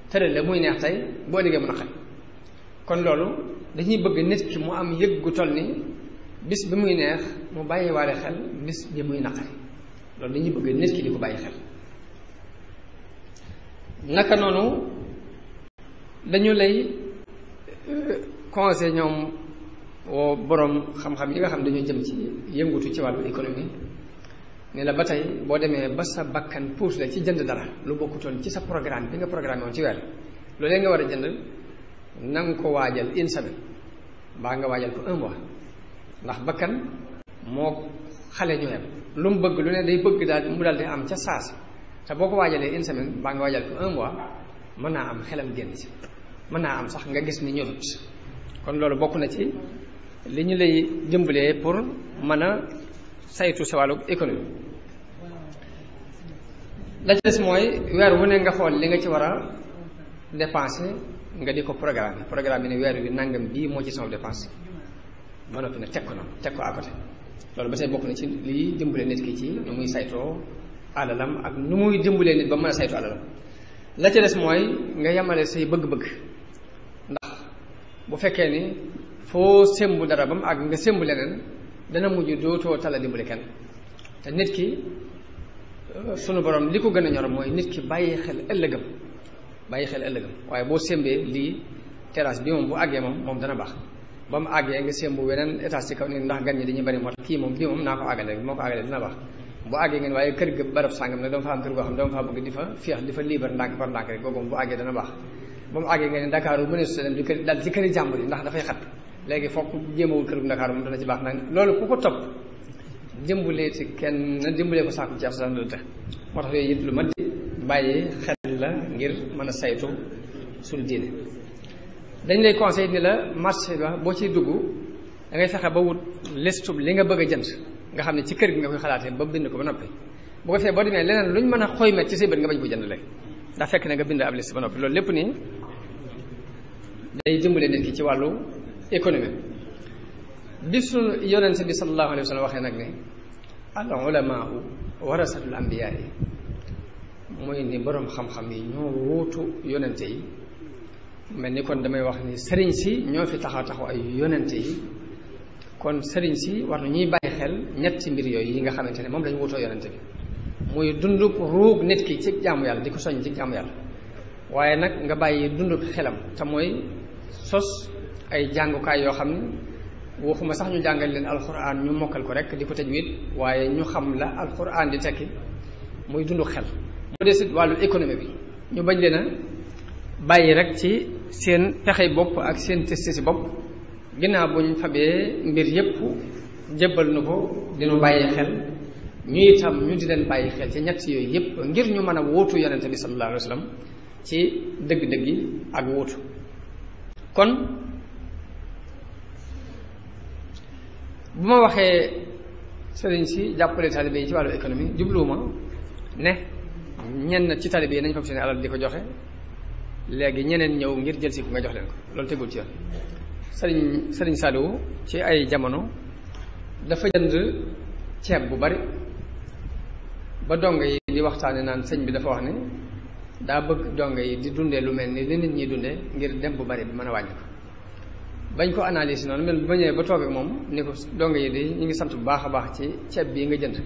tëral la muy neex tey boo liggéey mën a xaj kon loolu dañuy bëgg nit ki mu am yëg gu toll ni bis bi muy neex mu bàyyi waale xel bis bi muy naqari loolu dañuy bëgg nit ki di ko bàyyi xel naka noonu dañu lay euh, conseil ñoom woo boroom xam-xam yi nga xam dañu jëm ci yëngutu ci wàllu économie ne la ba tey boo demee ba sa bakkan puus ci jënd dara lu bokkutoon ci sa programme bi nga programme woon ci weer loolu nga war a jënd na nga ko waajal une semaine baa nga waajal ko un mois ndax bakkan moo xale ñoo yem lu mu bëgg lu ne day bëgg daal mu daal di am ca saasi te boo ko waajalee une baa nga waajal ko un mois mën naa am xelam génn si mën naa am sax nga gis ni ñorut kon loolu bokk na ci li ñu lay dimbalee pour mën a saytu sa wàllu économie la ci des mooy weer wu ne nga xool li nga ci war a dépenser nga di ko programme programme bi ne weer wi nangam bii moo ci sama dépense ba noppi nag teg ko noonu teg ko à loolu ba tey bokk na ci lii dimbalee nit ki ci nu muy saytoo alalam ak nu muy dimbalee nit ba mën a saytoo alalam la ca des mooy nga yemale say bëgg-bëgg ndax bu fekkee ni foo sémbu dara ba ak nga sémbu leneen dana mujj dootoo tala dimbali kenn te nit ki euh, sunu borom li ko gën a ñor mooy nit ki bàyyee xel ëllëgam bàyyi xel ëllëgam waaye boo sémbee lii terrasse bi moom bu àggee moom moom dana baax ba mu àggee nga sémbu weneen étage dañuy bari moo tax moom kii moom naa ko àggale bi fa am kër goo xam dama faa bëgg di fa féex di fa liibar ndànk par ndànk rek ne Dakar bu ne su dem di ci këri jàmbur yi ndax dafay xat léegi fokk jéemawul kër gu Dakar moom dana ci baax nag loolu ku ko topp dimbalee ci kenn dimbalee ko sàkku ci ab sasan dëta moo tax yooyu it lu mat bàyyi xel la ngir man a saytu suñu diine dañu lay conseil ni la marché ba boo ciy dugg da fexe ba wut listub li nga bëgg a jënd nga xam ne ci kër gi nga koy xalaatee ba bind ko ba noppi bu ko defee boo demee leneen luñ mën a xoymet ci say bët nga bañ ko jënd léegi ndax fekk ne nga bind ab liste ba noppi loolu lépp nii day dimbale nit ki ci wàllu économie bi su yonent bi sallallahu alayhi waxee nag ne al ulamaau warasatul ambiyaa yi mooy ni boroom xam-xam yi ñoo wuutu yonente yi mel ni kon damay wax ni sëriñ si ñoo fi taxaw taxaw ay yonent yi kon sëriñ si war na ñuy bàyyi xel ñett ñetti mbir yooyu yi nga xamante ne moom lañu wutoo yonent bi muy dundub ruug net ki ci jàmm yàlla di ko soññ ci jaamu yàlla waaye nag nga bàyyi dundub xelam te mooy sos ay jàngukaay yoo xam ne waxuma sax ñu jàngal leen alxuraan ñu mokkal ko rek di ko tëj wit waaye ñu xam la alxuraan di tekki muy dundu xel mu des it wàllu économie bi ñu bañ leen bàyyi rek seen pexe bopp ak seen testis bopp ginnaaw bu ñu fabee mbir yépp jébbal na ko dinu bàyyi xel ñu itam ñu di leen bàyyi xel ci ñett yooyu yépp ngir ñu mën a wóotu yonente bi sallallahu alayhi wa ci dëgg-dëgg yi ak wóotu kon bu ma waxee sëriñ si jàppale taalibe yi ci wàllu économie jubluwuma ne ñenn ci taalibe yi nañ fab seen alal di ko joxe léegi ñeneen ñëw ngir jël si ko nga jox leen ko loolu tegul ci yoon sëriñ sëriñ Saliou ci ay jamono dafa jënd ceeb bu bari ba dongo yi di waxtaane naan sëñ bi dafa wax ne daa bëgg dongo yi di dundee lu mel ni li nit ñi dundee ngir dem bu bari bi mën a wàññi bañ ko analyse noonu mel ba ñëwee ba toog moom ni ko dongo yi di ñu ngi sant bu baax a baax ci ceeb bii nga jënd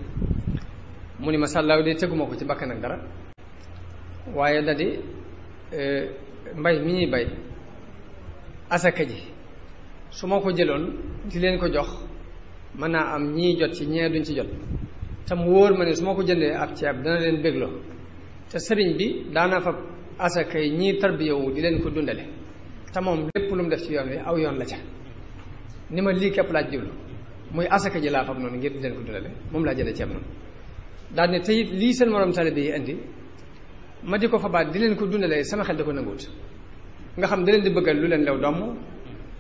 mu ni ma sàllaaw de teguma ko ci bakkan ak dara waaye da di Eh, mbay mi ñuy bay asaka ji su ma ko jëloon di leen ko jox man naa am ñii jot ci ñee duñ ci jot te mu wóor ma ne su ma ko jëndee ab ceeb dana leen bégloo te sëriñ bi daana fa asaka yi ñii tarbiyawu di leen ko dundale te moom lépp lu mu def ci yoon wi aw yoon la ca ni ma lii képp laa jublu muy asaka ji laa fab noonu ngir di leen ko dundale moom laa jëndee ceeb noonu daal ne lii seen morom taalibe indi ma di ko fabaat di leen ko dundalee sama xel da ko nanguwut nga xam da leen di bëggal lu leen lew doom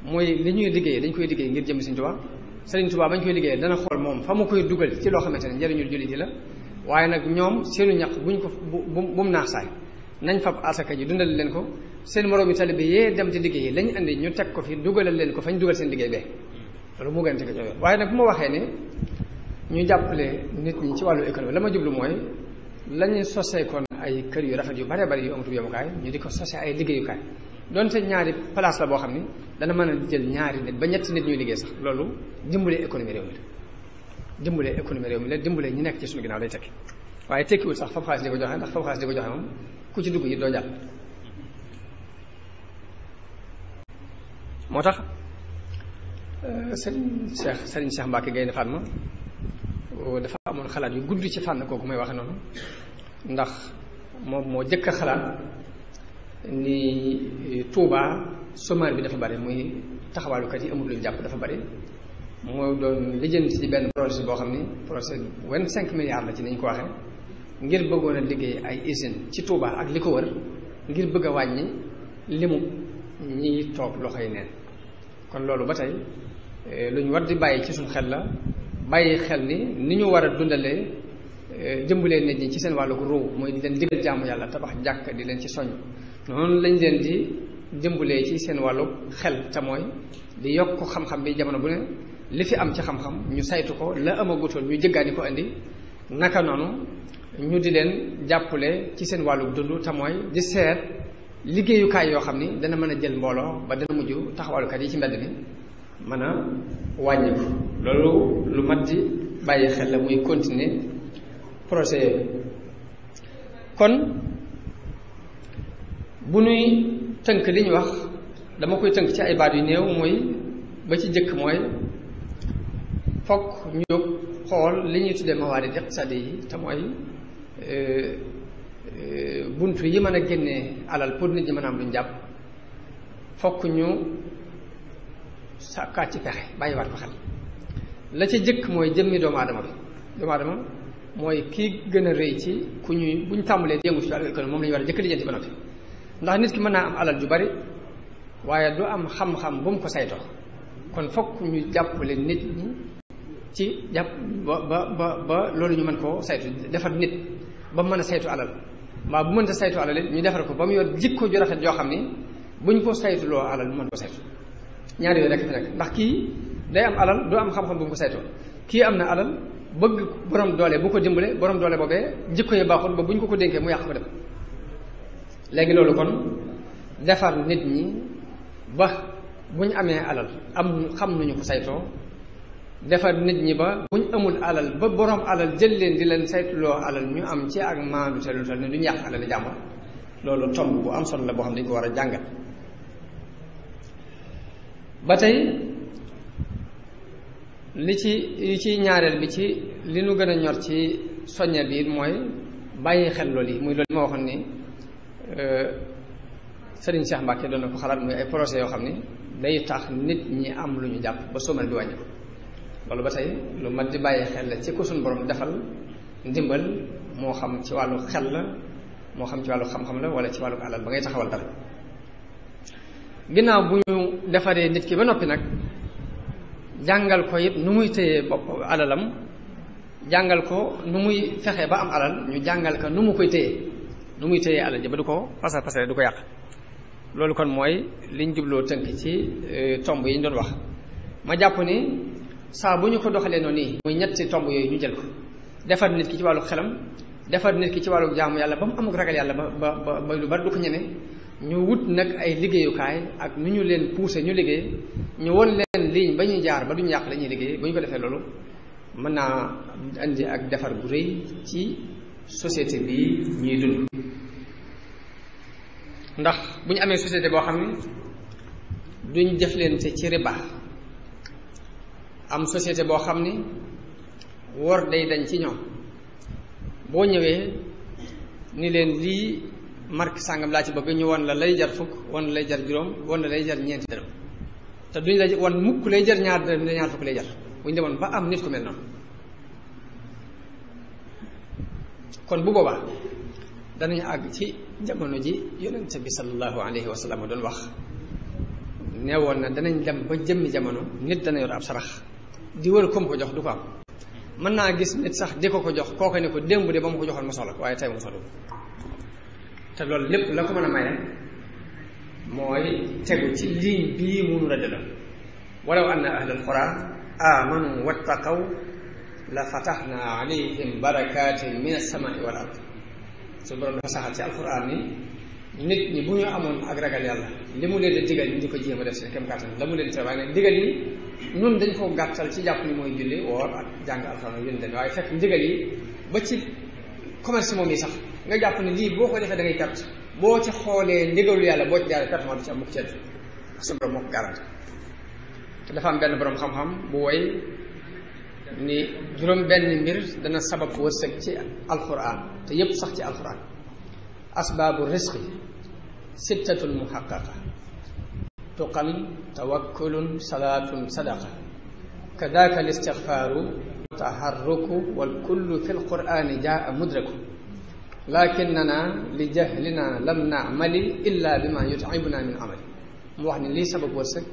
mooy li ñuy liggéeyee dañ koy liggéey ngir jëm Sëriñ Tuubaa Sëriñ Tuubaa bañ koy liggéeyee dana moom fa mu koy dugal ci loo xamante ne njëriñul jullit la waaye nag ñoom seenu ñaq buñ ko bu bu mu naax saay nañ fab asaka ji dundal leen ko seen moroomi talibe yee dem di liggéey lañ andi ñu teg ko fi dugalal leen ko fañ dugal seen liggéey bee loolu mu gën ci waaye nag bu waxee ne ñu jàppale nit ñi ci wàllu économie la ma jublu mooy lañu soseekoon ay kër yu rafet yu bare bari yu amatul yobukaay ñu di ko sase ay liggéeyukaay donte ñaari place la boo xam ne dana mën a jël ñaari nit ba ñetti nit ñuy liggéey sax loolu dimbalee économie réew mi la dimbalee ñu nekk ci suñu ginnaaw lay tekki waaye tekkiwul sax fab xaalis di ko joxe ndax fab xaalis di ko joxe moom ku ci dugg yi doo jàll moo tax euh, sëriñ Cheikh sëriñ Cheikh Mbacke Gaynde Fatma euh, dafa amoon xalaat yu gudd ci fànn kooku may waxe noonu ndax moom moo jëkk xalaat ni eh, Touba somaan bi dafa bari muy taxawaalukat yi amul luñ jàpp dafa bari moo doon lijjanti ci benn projet boo xam ni projet vingt cinq milliards la ci nañ ko waxee ngir bëggoon a liggéey ay usine ci Touba ak li ko wër ngir bëgg a wàññi limu ñiy toog loxo yi neen kon loolu ba tey eh, lu ñu war di bàyyi ci suñ xel la bàyyi xel ni ni ñu war a dundalee Euh, jëmbuleen nit ñi ci seen wàllug ruu mooy di leen digal jaamu yàlla tabax jàkk di leen ci soññ noonu lañ leen di jëmbulee ci seen wàllug xel te mooy di yokk xam-xam bi jamono bu ne li fi am ci xam-xam ñu saytu ko la amagutoon ñu jëggaani ko indi naka noonu ñu di leen jàppale ci seen wàllug dund te mooy di seet liggéeyukaay yoo xam ni dana mën a jël mbooloo ba dana mujj taxawalkat yi ci mbedd mi mën a wàññiku loolu lu mat di bàyyi xel la muy continuer projet yooyu kon bu nuy tënk li ñu wax dama koy tënk ci ay baat yu néew mooy ba ci jëkk mooy fokk ñu jóg xool li ñuy tuddee mawaarid iqtisadi yi te mooy euh, euh, bunt yi mën a génne alal pour nit ñi mën a am luñ jàpp fokk ñu sàkkaat ci pexe bàyyiwaat ko xel la ca jëkk mooy jëmmi doomu aadama bi doomu aadama mooy kii gën a rëy ci ku ñuy bu ñu tàmbalee yëngu ci wàllu économie moom la ñu war a jëkk lijjanti ba noppi ndax nit ki mën naa am alal ju bari waaye du am xam-xam ko saytoo kon fokk ñu jàppale nit ñi jàpp ba ba ba loolu ñu mën koo saytu defar nit ba mën a saytu alal mbaa bu mën a saytu alal ñu defar ko ba mu yor jikko ju rafet joo xam ni bu ñu ko saytu loo mën ko saytu ñaari yooyu rekk ndax kii day am alal du am xam-xam bu mu ko saytoo kii am na alal bëgg borom doole bu ko dimbale borom doole boobee jikko yi baaxul ba bu ñu ko ko dénkee mu yàq ko dem léegi loolu kon defar nit ñi ba bu ñu amee alal am xam nañu ko saytoo defar nit ñi ba bu ñu amul alal ba borom alal jël leen di leen saytuloo alal ñu am ci ak maandu te lu tal ne du ñu yàq alal jàmbur loolu tomb bu am solo la boo xam ne dañu ko war a jàngat ba tey li ci li ci ñaareel bi ci li nu gën a ñor ci soññe bi mooy bàyyi xel loolu yi muy loolu ma waxoon ni euh, Serigne Cheikh Mbacke doon na ko xalaat muy ay projet yoo xam ni day tax nit ñi am lu ñu jàpp ba soomal bi wàññi loolu ba tey lu mat di bàyyi xel la ci ko suñu borom defal ndimbal moo xam ci wàllu xel la moo xam ci wàllu xam-xam la wala ci wàllu alal ba ngay taxawal dara ginnaaw bu ñu defaree nit ki ba noppi nag jàngal ko it nu muy téye bopp alalam jàngal ko nu muy fexe ba am alal ñu jàngal ko nu mu koy téye nu muy téye alal ji ba du ko pasar pasare du ko yàq loolu kon mooy liñ jubloo tënk ci e, tomb yi ñu doon wax ma jàpp ni saa bu ñu ko doxalee noonu nii muy ñetti tomb yooyu ñu jël ko defar nit ki ci wàllu xelam defar nit ki ci wàllu jaamu yàlla ba mu amuk ragal yàlla ba ba ba lu bari du ko ñeme ñu wut nag ay liggéeyukaay ak nu ñu leen poussé ñu liggéey ñu won leen ligne ba ñuy jaar ba duñu yàq lañuy liggéey bu ñu ko defee loolu mën naa indi ak defar bu rëy ci société bi ñuy dund ndax bu ñu amee société boo xam ne duñ jëflante cere riba am société boo xam ni wor day dañ ci ñoom boo ñëwee ni leen lii marque sàngam laa ci bëgg ñu wan la lay jar fukk wan lay jar juróom wan la lay jar ñeenti dërëm te duñ lay wan mukk lay jar ñaar dërëm ñaar lay jar bu ñu demoon am nit ku mel bu boobaa danañu àgg ci jamono ji yonent bi sallallahu alayhi wa sallam doon wax nee woon na danañ dem ba jëmmi jamono nit dana yor ab sarax di wër kom ko jox du ko am mën naa gis nit sax di ko ko jox kooka ne ko démb de ba mu ko joxoon ma soxla waaye tey mu te loolu lépp la ko mën a may rek mooy tegu ci ligne bii munu rëddala walaw anna ahlal quraan amanu wattaqaw la fataxna alayhim barakatin min alsamai wal ard su borom dafa saxal ci alquran ni nit ñi bu ñu amoon ak ragal yàlla li mu leen di digal ñu ko jéem a def seen kem kàttan la mu leen di waaye nag digal yi ñun dañ ko gàttal ci jàpp ni mooy julli woor ak jàng alquran yun den waaye fekk ndigal yi ba ci commerce moom yi sax nga jàpp ni li boko defé da ngay carte bo ci xolé ndigalu yàlla bo ci jaaree carte moo ci am ci cet suñu borom moo ko garanti te dafa am ben borom xam-xam bu way ni juróom ben mbir dana sabab wërsëg ci alquran te yépp sax ci alquran asbabur rizqi sittatul muhaqqaqa tuqal tawakkulun salatun sadaqa kadaaka al istixfaaru taharruku wal kullu fi alqurani jaa mudraku لكننا لجهلنا لم نعمل الا بما يتعبنا من عمل مو واخني لي سبب وسك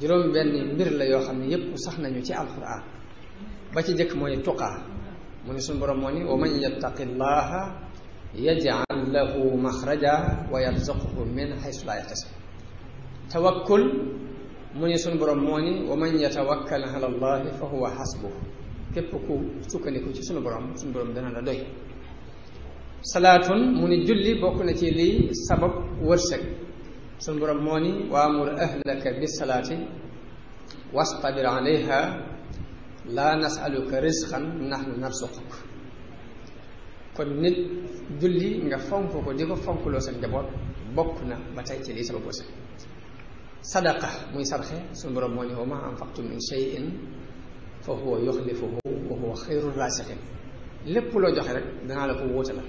جيروم بن مير لا يو خامني ييب سخنا نيو تي القران با تي ديك موي توقا موني سون بروم موني ومن يتق الله يجعل له مخرجا ويرزقه من حيث لا يحتسب توكل موني سون بروم موني ومن يتوكل على الله فهو حسبه كيف كو سوكني كو سون بروم سون بروم دانا لا دوي salaatun mu ni julli bokk na ci liy sabab wërsëg suñu borom moo ni waamur ahlaka bi salaati wastabir alayha laa nasaluka risqan nahnu narsuquk kon nit julli nga fonk ko di ko fonkloo sa njaboot bokk na ba tey ci liy sabab wërsëg sadaqa muy sarxe suñu borom moo ni wa ma min shay'in fa huwa yuxlifuhu wa huwa xayru raasiqin lépp loo joxe rek danaa la ko wóote la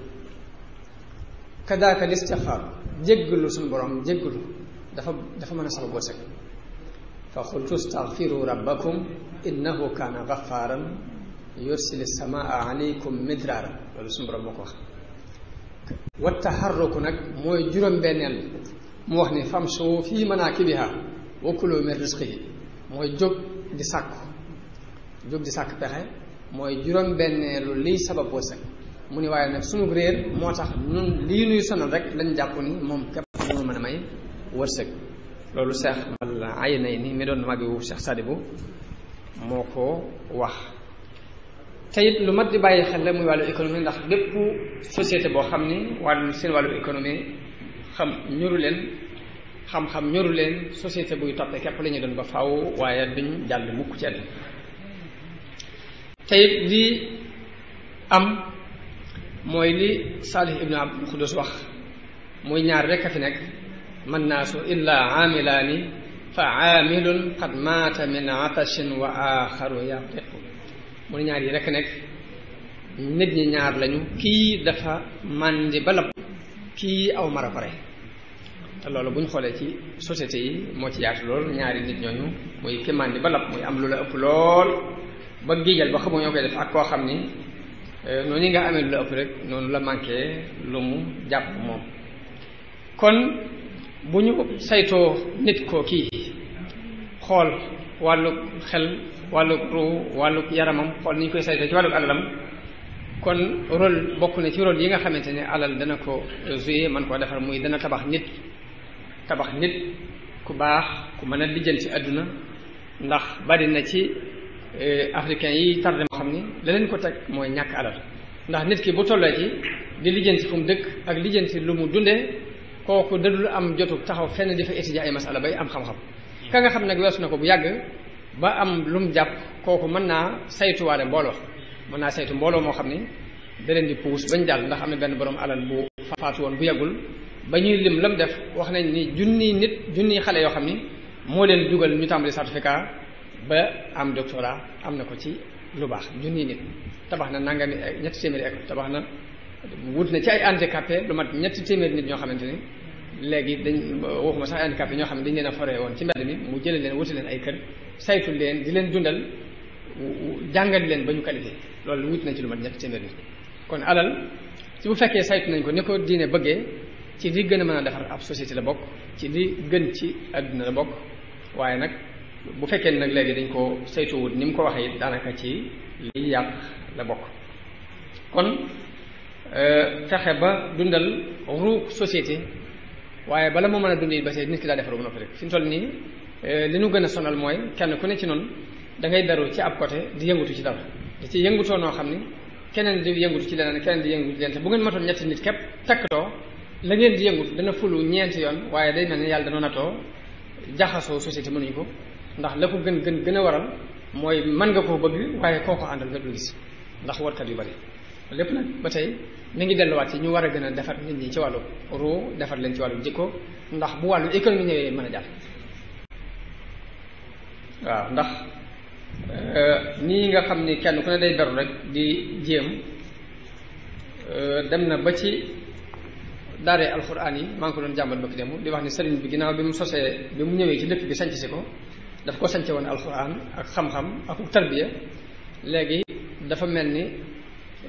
kadaaka listixaar jéggalu suñu borom jéggalu dafa dafa mën a sabab wërsëg fa xultu staxfiru rabbakum innahu kaana gaffaaran yursili samaa alaykum midraara loolu suñu moo ko wax wa taxarruku nag mooy juróom-benneel mu wax ni famsu fii manaakibiha wa kulu min risqihi mooy jóg di sàkku pexe mooy juróom-benneelu liy sabab wërsëg mu ni waaye nag sunu réer moo tax ñun lii nuy sonal rek lañu jàpp ni moom képp moo mën a may wërsëg loolu seex mal ay nay ni mi doon màggiwu seex Sadibou moo ko wax te it lu mat di bàyyi xel la muy wàllu économie ndax bépp société boo xam ni wàllu seen wàllu xam ñoru leen xam-xam ñoru leen société buy toppee képp lañuy doon ba faw waaye duñ jàll mukk ci te it di am mooy li Saalih ibnu Abdul Xudus wax muy ñaar rekk a fi nekk man naasu illaa aamilaani fa aamilun qad maata min atashin wa aaxaru yartiqu mu ne ñaar yi rekk nekk nit ñi ñaar lañu kii dafa màndi ba lapp kii aw mar a pare te loolu bu ñu xoolee ci société yi moo ci yaatu lool ñaari nit ñooñu muy ki màndi ba lapp muy am lu la ëpp lool ba géejal ba xamoo koy def ak koo xam ni Euh, noonu nga amee lu ëpp rek noonu la manqué lu mu jàpp moom kon bu ñu saytoo nit koo kii xool wàllug xel wàllug ruu wàllug yaramam xool ni ñu koy saytoo ci wàllug alalam kon rôle bokk na ci rôle yi nga xamante ne alal dana ko jouer man koo defar muy dana tabax nit tabax nit ku baax ku mën a lijjanti àdduna ndax bari na ci Euh, africain yi tardé moo xam ni la leen ko teg mooy ñàkk alal ndax nit ki bu tollee ci di lijjanti fu mu dëkk ak lijjanti lu mu dundee kooku dadul am jotu taxaw fenn dafa étudier ay masala bay am xam-xam ka nga xam nag su na ko bu yàgg ba am lu mu jàpp kooku mën naa saytuwaale mbooloo mën naa saytu mbooloo moo xam ni da leen di puus bañ jàll ndax am na benn borom alal bu faatu woon bu yàggul ba ñuy lim lam def wax nañ ni junni nit junni xale yoo xam ni moo leen dugal ñu tàmbali certificat ba am doctorat am na ko ci lu baax junni nit tabax na nanga ni ñetti téeméeri école tabax na wut na ci ay handicapé lu mat ñetti téeméeri nit ñoo xamante ni léegi dañ waxuma sax handicapé ñoo xam ne dañ leen a foree woon ci mbedd mi mu jëlee leen wuti leen ay kër saytu leen di leen dundal jàngal leen ba ñu qualité loolu wut na ci lu mat ñetti téeméeri nit kon alal ci bu fekkee saytu nañ ko ni ko diine bëggee ci li gën a mën a defar ab société la bokk ci li gën ci àdduna la bokk waaye nag bu fekkee nag léegi dañ ko saytuwut ni mu ko waxee it daanaka ci liy yàq la bokk kon euh, fexe ba dundal ruug société waaye bala moo mën a dundee ba see nit ki daa defaru ba noppi rek fi mu toll nii euh, li nu gën a sonal mooy kenn ku ne ci noonu da ngay ci ab côté di yëngutu ci dara di ci yëngutoo noo xam ni keneen di yëngutu ci leneen keneen di yëngutu ci bu ngeen matoon ñetti nit képp takkatoo la ngeen di yëngutu dana fulu ñeenti yoon waaye day mel ni yàlla dana natoo jaxasoo société mënuñu ko ndax la ko gën gën gën a waral mooy mën nga koo bëgg waaye koo ko àndal nga du gis ndax warkat yu bari lépp nag ba tey mu ngi delluwaat ci ñu war a gën a defar nit ñi ci wàllu ruu defar leen ci wàllu jikko ndax bu wàllu économie ñëwee mën a jàll waaw ndax euh, nii nga xam ni kenn ku ne day beru rek di jéem euh, dem na ba ci daaree alxuraan yi maa ngi ko doon jàmbal bëgg dem di wax ni sëriñ bi ginnaaw bi mu sosee bi mu ñëwee ci dëkk bi sanc si ko daf ko sance woon alxuraan ak xam-xam ak tarbiya léegi dafa mel ni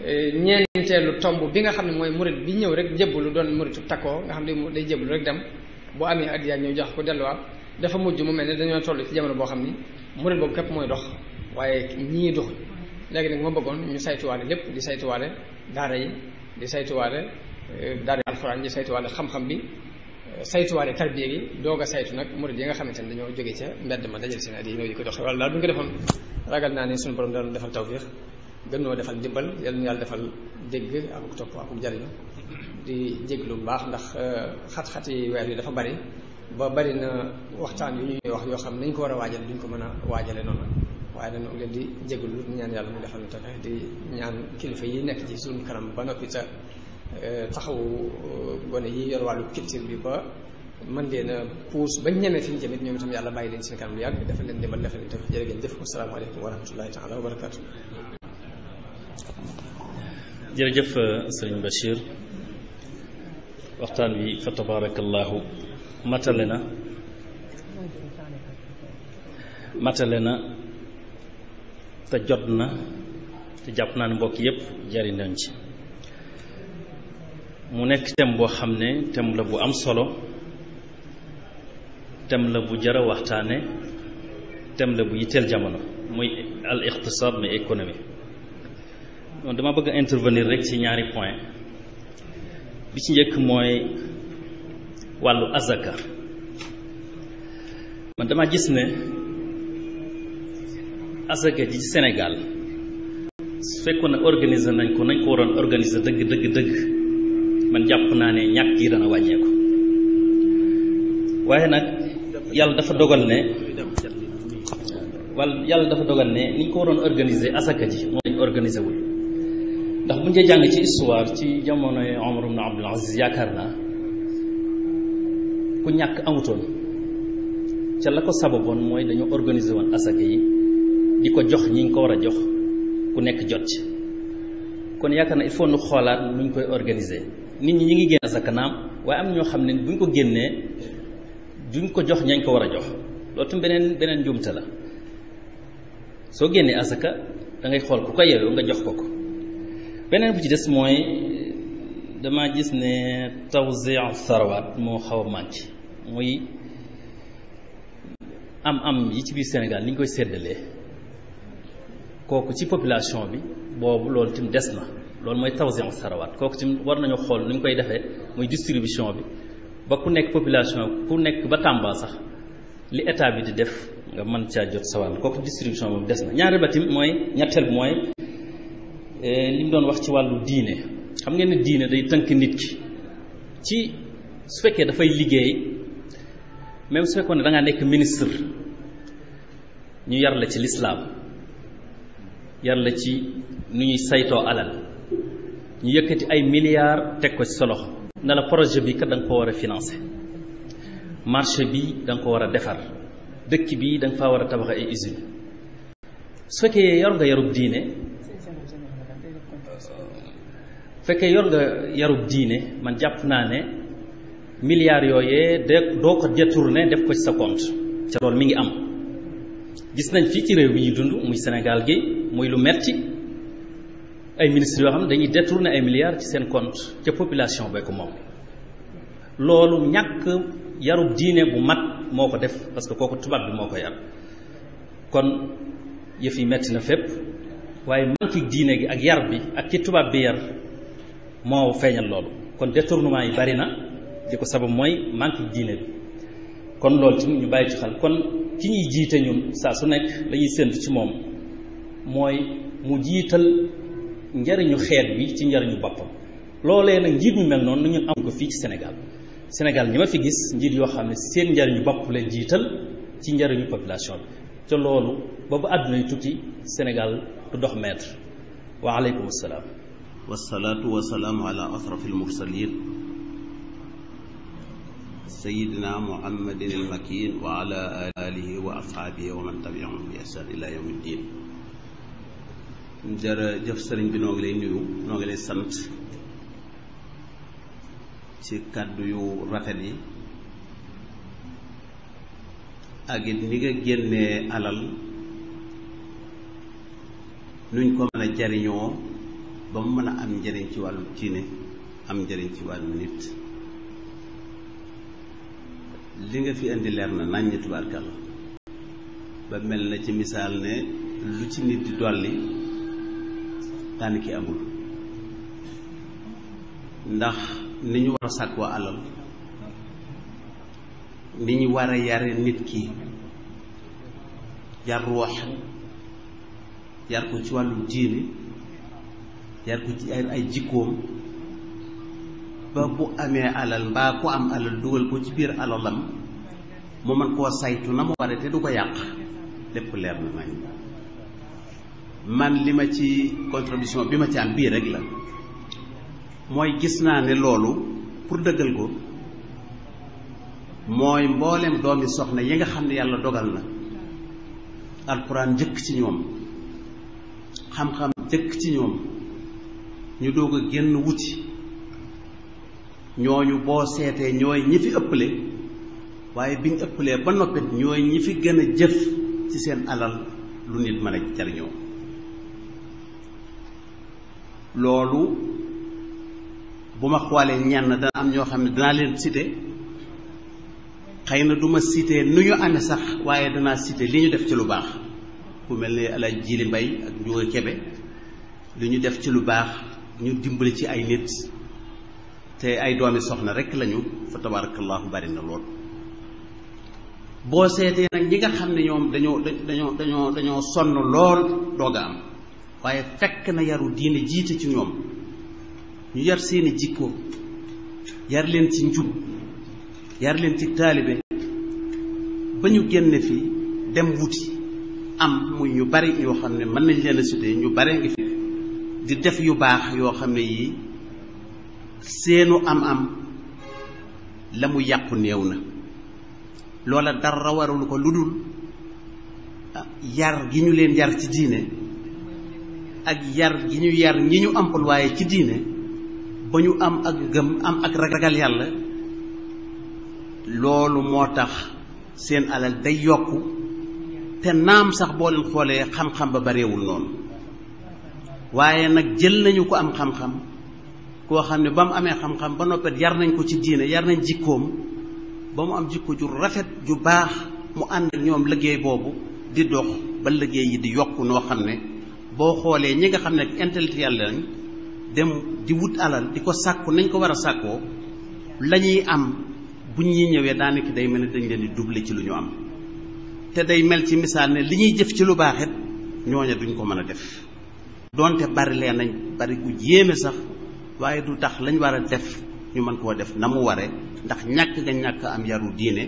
e, ñeenteelu tomb bi nga xam ne mooy murit bi ñëw rek lu doon muritu takkoo nga xam ne day jébbalu rek dem bu amee addiya ñëw jox ko delluwaat dafa mujj mu mel ni dañoo toll ci jamono boo xam ni murit boobu képp mooy dox waaye ñii dox léegi nag ma bëggoon ñu saytuwaale lépp di saytuwaale daara yi di saytuwaale e, daara alxuraan di saytuwaale xam-xam bi saytuwaale tarbiya gi doog a saytu nag murid yi nga xamante ne dañoo jóge ca mbedd ma dajal seen addiya ñëw di ko joxe wala daal bu ñu defal tawfiix gën noo defal ndimbal yal na yàlla defal dégg di jéglu bu baax ndax euh, xat-xat yi weer yi dafa bari ba bari na waxtaan yu ñuy wax yoo xam nañ ko war a waajal duñ ko mën a waajale noonu waaye yàlla mu defal na di ñaan kilifa yi nekk ci suñu kanam ba noppi sa taxawu euh, gone yi yor wàllu bi ba mën leen a puus ba ñeme fi ñu jëmit ñoom itam yàlla bàyyi leen seen kanam lu yàgg defal leen dimbal defal leen tax jërë ko jëf wasalaamaaleykum wa rahmatullahi taala wa barakaatu jërëjëf euh, sëriñ waxtaan wi fa tabarakallahu matale na matale na te jot na te jàpp naa ne mbokk yépp jariñ nañ ci mu nekk thème boo xam ne thème la bu am solo thème la bu jar a waxtaane thème la bu yitteel jamono mooy al iqtisaad mais économie donc dama bëgg a intervenir rek ci ñaari point bi ci njëkk mooy wàllu azaka man dama gis ne azaka ji Sénégal su fekkoon ne organiser nañ ko nañ ko waroon organiser dëgg dëgg dëgg man jàpp naa ne ñàkk gi dana wàññeeku waaye nag yàlla dafa dogal ne wala yàlla dafa dogal ne ni ñu ko waroon organiser asaka ji moo lañ organiser wul ndax bu ñu jàng ci histoire ci jamonoy Omar ibn Abdul Aziz yaakaar naa ku ñàkk amutoon ca la ko sababoon mooy dañoo organiser woon asaka yi di ko jox ñi ñu ko war a jox ku nekk jot ci kon yaakaar na il faut nu xoolaat nuñ koy organiser nit ñi ñi ngi génn asaka naam waaye am ñoo xam ne buñ ko génnee duñ ko jox ñañ ko war a jox loolu tam beneen beneen njuumte la soo génnee asaka da ngay xool ku ko yeyoo nga jox ko ko beneen bu ci des mooy dama gis ne taw tawzi sarawaat moo xaw a manqué muy am am yi ci biir Sénégal ni ñu koy séddalee kooku ci population bi boobu loolu tim des na loolu mooy tawzi'u sarawaat kooku ci war nañu xool nu ñu koy defee muy distribution bi ba ku nekk population ku nekk ba Tamba sax li état bi di def nga mën caa jot sa wàll kooku distribution boobu des na ñaari batim mooy ñetteel bi mooy eh, li mu doon wax ci wàllu diine xam ngeen ne diine day tënk nit ki ci su fekkee dafay liggéey même su fekkoon ne da nekk ministre ñu yar la ci lislaam yar la ci nu ñuy saytoo alal ñu yëkkati ay milliards teg ko ci solo nala ne projet bi kat da nga ko war a financer marché bi danga ko war a defar dëkk bi danga fa war a tabax ay usine su fekkee yor diine fekkee yor nga yarub diine man jàpp naa ne milliards yooyee de doo ko détourné def ko ci sa compte ca loolu mi ngi am gis nañ fii ci réew mi ñu dund muy Sénégal gi muy lu metti ay ministres yoo xam ne dañuy détourner ay milliards ci seen contre ca population bay ko moom loolu ñàkk yarub diine bu mat moo ko def parce que kooku tubaab bi moo ko yar kon yëf yi metti na fépp waaye manque diine gi ak yar bi ak ki tubaab bi yar moo feeñal loolu kon détournement yi bari na di ko sabab mooy manque diine bi kon loolu ci ñu bàyyi ci xel kon ki ñuy jiite ñun saa su nekk la ñuy ci moom mooy mu jiital njariñu xeet bi ci njariñu boppam loolee nag njiit ñu mel noonu nañu am ko fii ci Sénégal Sénégal ñi ma fi gis njiit yoo xam ne seen njariñu bopp la jiital ci njariñu population bi ca loolu ba bu àdduna yi tukki Sénégal du dox maître wa aleykum salaam wasalaatu wasalaamu ala asrafil mursalin سيدنا محمد المكين وعلى آله وأصحابه ومن تبعهم بإحسان إلى يوم الدين jëf sëriñ bi noo ngi lay nuyu noo ngi lay sant ci kàddu yu rafet yi ak ni nga génnee alal nuñ ko mën jariñoo ba mu mën a am njëriñ ci wàllu diine am njëriñ ci wàllu nit li nga fi indi leer na nàññi tubaarkàlla ba mel na ci misaal ne lu ci nit di dolli tànn ki amul ndax ni ñu war a sàkkoo alal ni ñu war a yare nit ki yar ruux yar ko ci wàllu diine yar ko ci ay jikkoom ba bu amee alal mbaa ku am alal dugal ko ci biir alalam mu mën koo saytu na mu waree te du ko yàq lépp leer na nañ man li ma ci contribution bi ma ci am bii rek la mooy gis naa ne loolu pour dëggal ko mooy mboolem doomi soxna yi nga xam ne yàlla dogal na alxuraan jëkk ci ñoom xam-xam njëkk ci ñoom ñu doog a génn wuti ñooñu boo seetee ñooy ñi fi ëppale waaye biñ ëpplee ba noppit ñooy ñi fi gën a jëf ci seen alal lu nit mën a jariñoo loolu bu ma xoolee ñenn dana am ñoo xam ne danaa leen cité xëy na duma ma cité nu ñu amee sax waaye danaa cité li ñu def ci lu baax ku mel ne El Hadj Jili Mbay ak Njuga Kebe li ñu def ci lu baax ñu dimbali ci ay nit te ay doomi soxna rek lañu fa tabaarakallaahu bari na lool boo seetee nag ñi nga xam ne ñoom dañoo dañoo dañoo dañoo sonn lool doog a am waaye fekk na yaru diine jiite ci ñoom ñu yar seeni jikko yar leen ci njub yar leen ci taalibe ba ñu génne fi dem wuti am muy ñu bari yoo xam ne mën nañ leen a sudee ñu bare ngi fi di def yu baax yoo xam ne yii seenu am-am la mu yàqu néew na loola dara warul ko lu dul ah, yar gi ñu leen yar ci diine ak yar yi ñu yar ñi ñu ampal waaye ci diine ba ñu am ak gëm am ak ragal yàlla loolu moo tax seen alal day yokku te naam sax boo leen xoolee xam-xam ba bareewul noonu waaye nag jël nañu ko am xam-xam koo xam ne ba mu amee xam-xam ba noppet yar nañ ko ci diine yar nañ jikkoom ba mu am jikko ju rafet ju baax mu ànd ñoom liggéey boobu di dox ba liggéey yi di yokk noo xam ne boo xoolee ñi nga xam ne intellectuel lañ dem di wut alal di ko sàkku nañ ko war a sàkkoo la ñuy am bu ñuy ñëwee daanaka day mel ne dañ leen di doubler ci lu ñu am te day mel ci misaal ne li ñuy jëf ci lu baax it ñooña duñ ko mën def donte bari leen nañ bari gu yéeme sax waaye du tax lañ war a def ñu mën koo def na mu ware ndax ñàkk nga ñàkk am yaru diine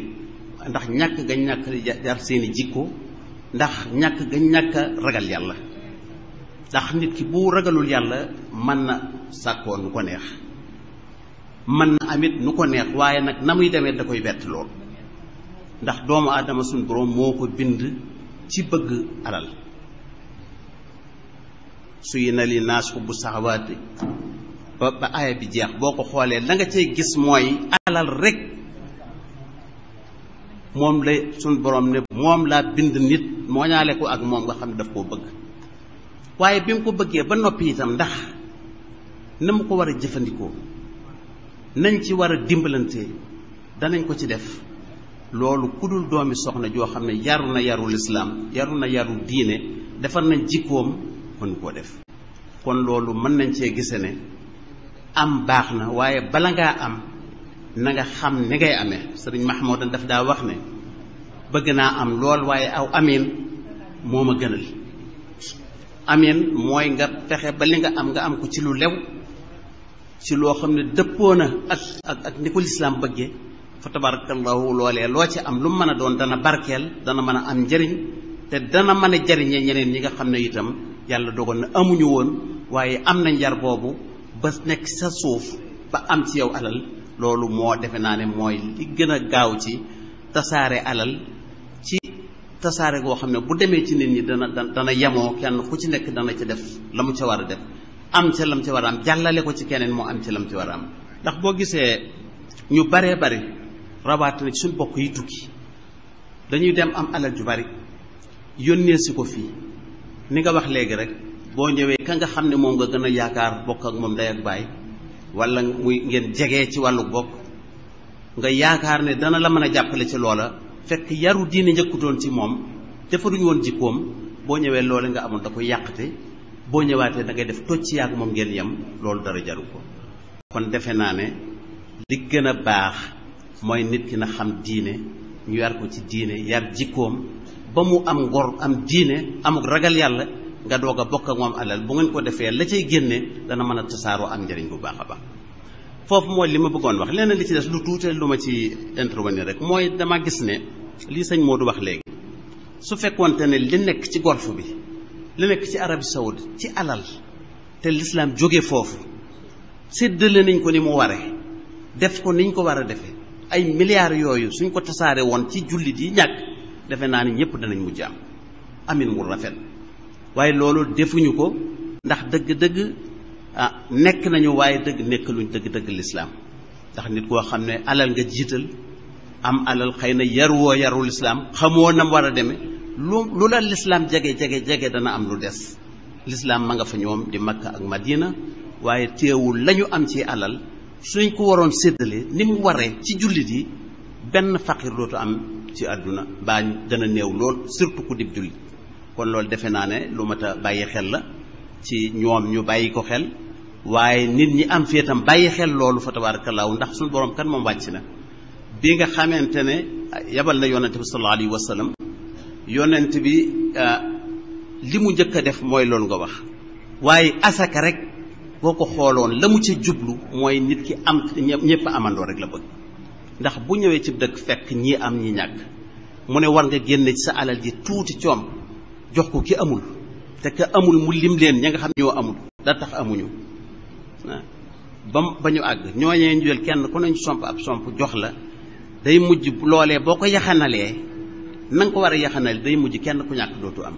ndax ñàkk nga ñàkk jar seeni jikko ndax ñàkk nga ñàkk ragal yàlla ndax nit ki bu ragalul yàlla mën na sàkkoo nu ko neex mën na amit nu ko neex waaye nag na muy demee da koy bett lool ndax doomu aadama suñ boroom moo ko bind ci bëgg alal suy na bu saxawaate bi jeex boo ko xoolee la nga cay gis mooy alal rek moom lay suñ boroom ne moom laa bind nit moo ñaale ko ak moom nga xam ne daf koo bëgg waaye bi mu ko bëggee ba noppi itam ndax na mu ko war a jëfandikoo nañ ci war a dimbalante danañ ko ci def loolu ku dul doomi soxna joo xam ne yaru na yaru lislaam yaru na yarul diine defar nañ jikkoom mënu koo def kon loolu mën nañ cee gise ne am baax na waaye bala ngaa am na nga xam ni ngay ame amee sëriñ Mahmoudan daf daa wax ne bëgg naa am lool waaye aw amin moo ma gënal amin mooy nga fexe ba li nga am nga am ko ci lu lew ci loo xam ne dëppoo na ak ak ak ni ko lislaam bëggee fa tabarakallahu loolee loo ci am lu mën a doon dana barkeel dana mën a am njëriñ te dana mën a jariñee ñeneen ñi nga xam ne itam yàlla dogoon na amuñu woon waaye am na njar boobu ba nekk sa suuf ba am ci yow alal loolu moo defe naa ne mooy li gën a gaaw ci tasaare alal tasaare goo xam ne bu demee ci nit ñi dana dana yemoo kenn ku ci nekk dana ci def la mu ca war a def am ca lam ci war a am jàllale ko ci keneen moo am ci lam ci war a am ndax boo gisee ñu baree bari rawatina ci suñ bokk yi tukki dañuy dem am alal ju bari yónnee si ko fii ni nga wax léegi rek boo ñëwee ka nga xam ne moom nga gën a yaakaar bokk ak moom day ak baay wala muy ngeen jege ci wàllu bokk nga yaakaar ne dana la mën a jàppale ci loola fekk yaru diine njëkkutoon ci moom defaruñu woon jikkoom boo ñëwee loole nga amoon da ko yàqate boo ñëwaatee dangay def toj ci yàgg moom ngeen yem loolu dara jaru ko kon defe naa ne li gën a baax mooy nit ki na xam diine ñu yar ko ci diine yar jikkoom ba mu am ngor am diine am ragal yàlla nga doog a bokk moom alal bu ngeen ko defee la cay génne dana mën a tasaaroo am njëriñ bu baax a baax foofu mooy li ma bëggoon wax leneen li ci des lu tuute lu ma ci intervenir rek mooy dama gis ne lii sañ moo Modou wax léegi su fekkoonte ne li nekk ci golf bi li nekk ci Arabie Saoudite ci alal te lislaam jóge foofu séddale nañ ko ni mu ware def ko niñ ko war a defee ay milliards yooyu suñ ko tasaare woon ci jullit yi ñàkk defe naa ne ñëpp danañ mujj am amin mu rafet waaye loolu defuñu ko ndax dëgg-dëgg ah nekk nañu waaye dëgg nekkaluñ dëgg-dëgg lislaam ndax nit koo xam ne alal nga jiital am alal xëy na yar woo yarul lislaam xamoo nam war a demee lu lu la lislaam jege jege jege dana am lu des lislaam ma nga fa ñoom di makka ak madina waaye teewul lañu am ci alal suñ ko waroon séddale ni mu waree ci jullit yi benn faqir dootu am ci àdduna mbaa dana néew lool surtout ku di jullit kon loolu defe naa ne lu mat a bàyyi xel la ci ñoom ñu bàyyi ko xel waaye nit ñi am fii itam bàyyi xel loolu fa tabaarakallaahu ndax suñu borom kan moom wàcc na bi nga xamante ne yabal na yonent bi sallallahu alayhi wa sallam yonent bi euh, li mu njëkk a def mooy loolu nga wax waaye asaka rek boo ko xooloon la mu ci jublu mooy nit ki am ñëpp amandoo rek la bëgg ndax bu ñëwee ci dëkk fekk ñii am ñi ñàkk mu ne war nga génn sa alal ji tuuti coom jox ko ki amul te ka amul mu lim leen ña nga xam ñoo amul la tax amuñu ba ba ñu àgg ñoo ñu jël kenn ku nañ somp ab somp jox la day mujj loolee boo ko yaxanalee na nga ko war a yaxanal day mujj kenn ku ñàkk dootu am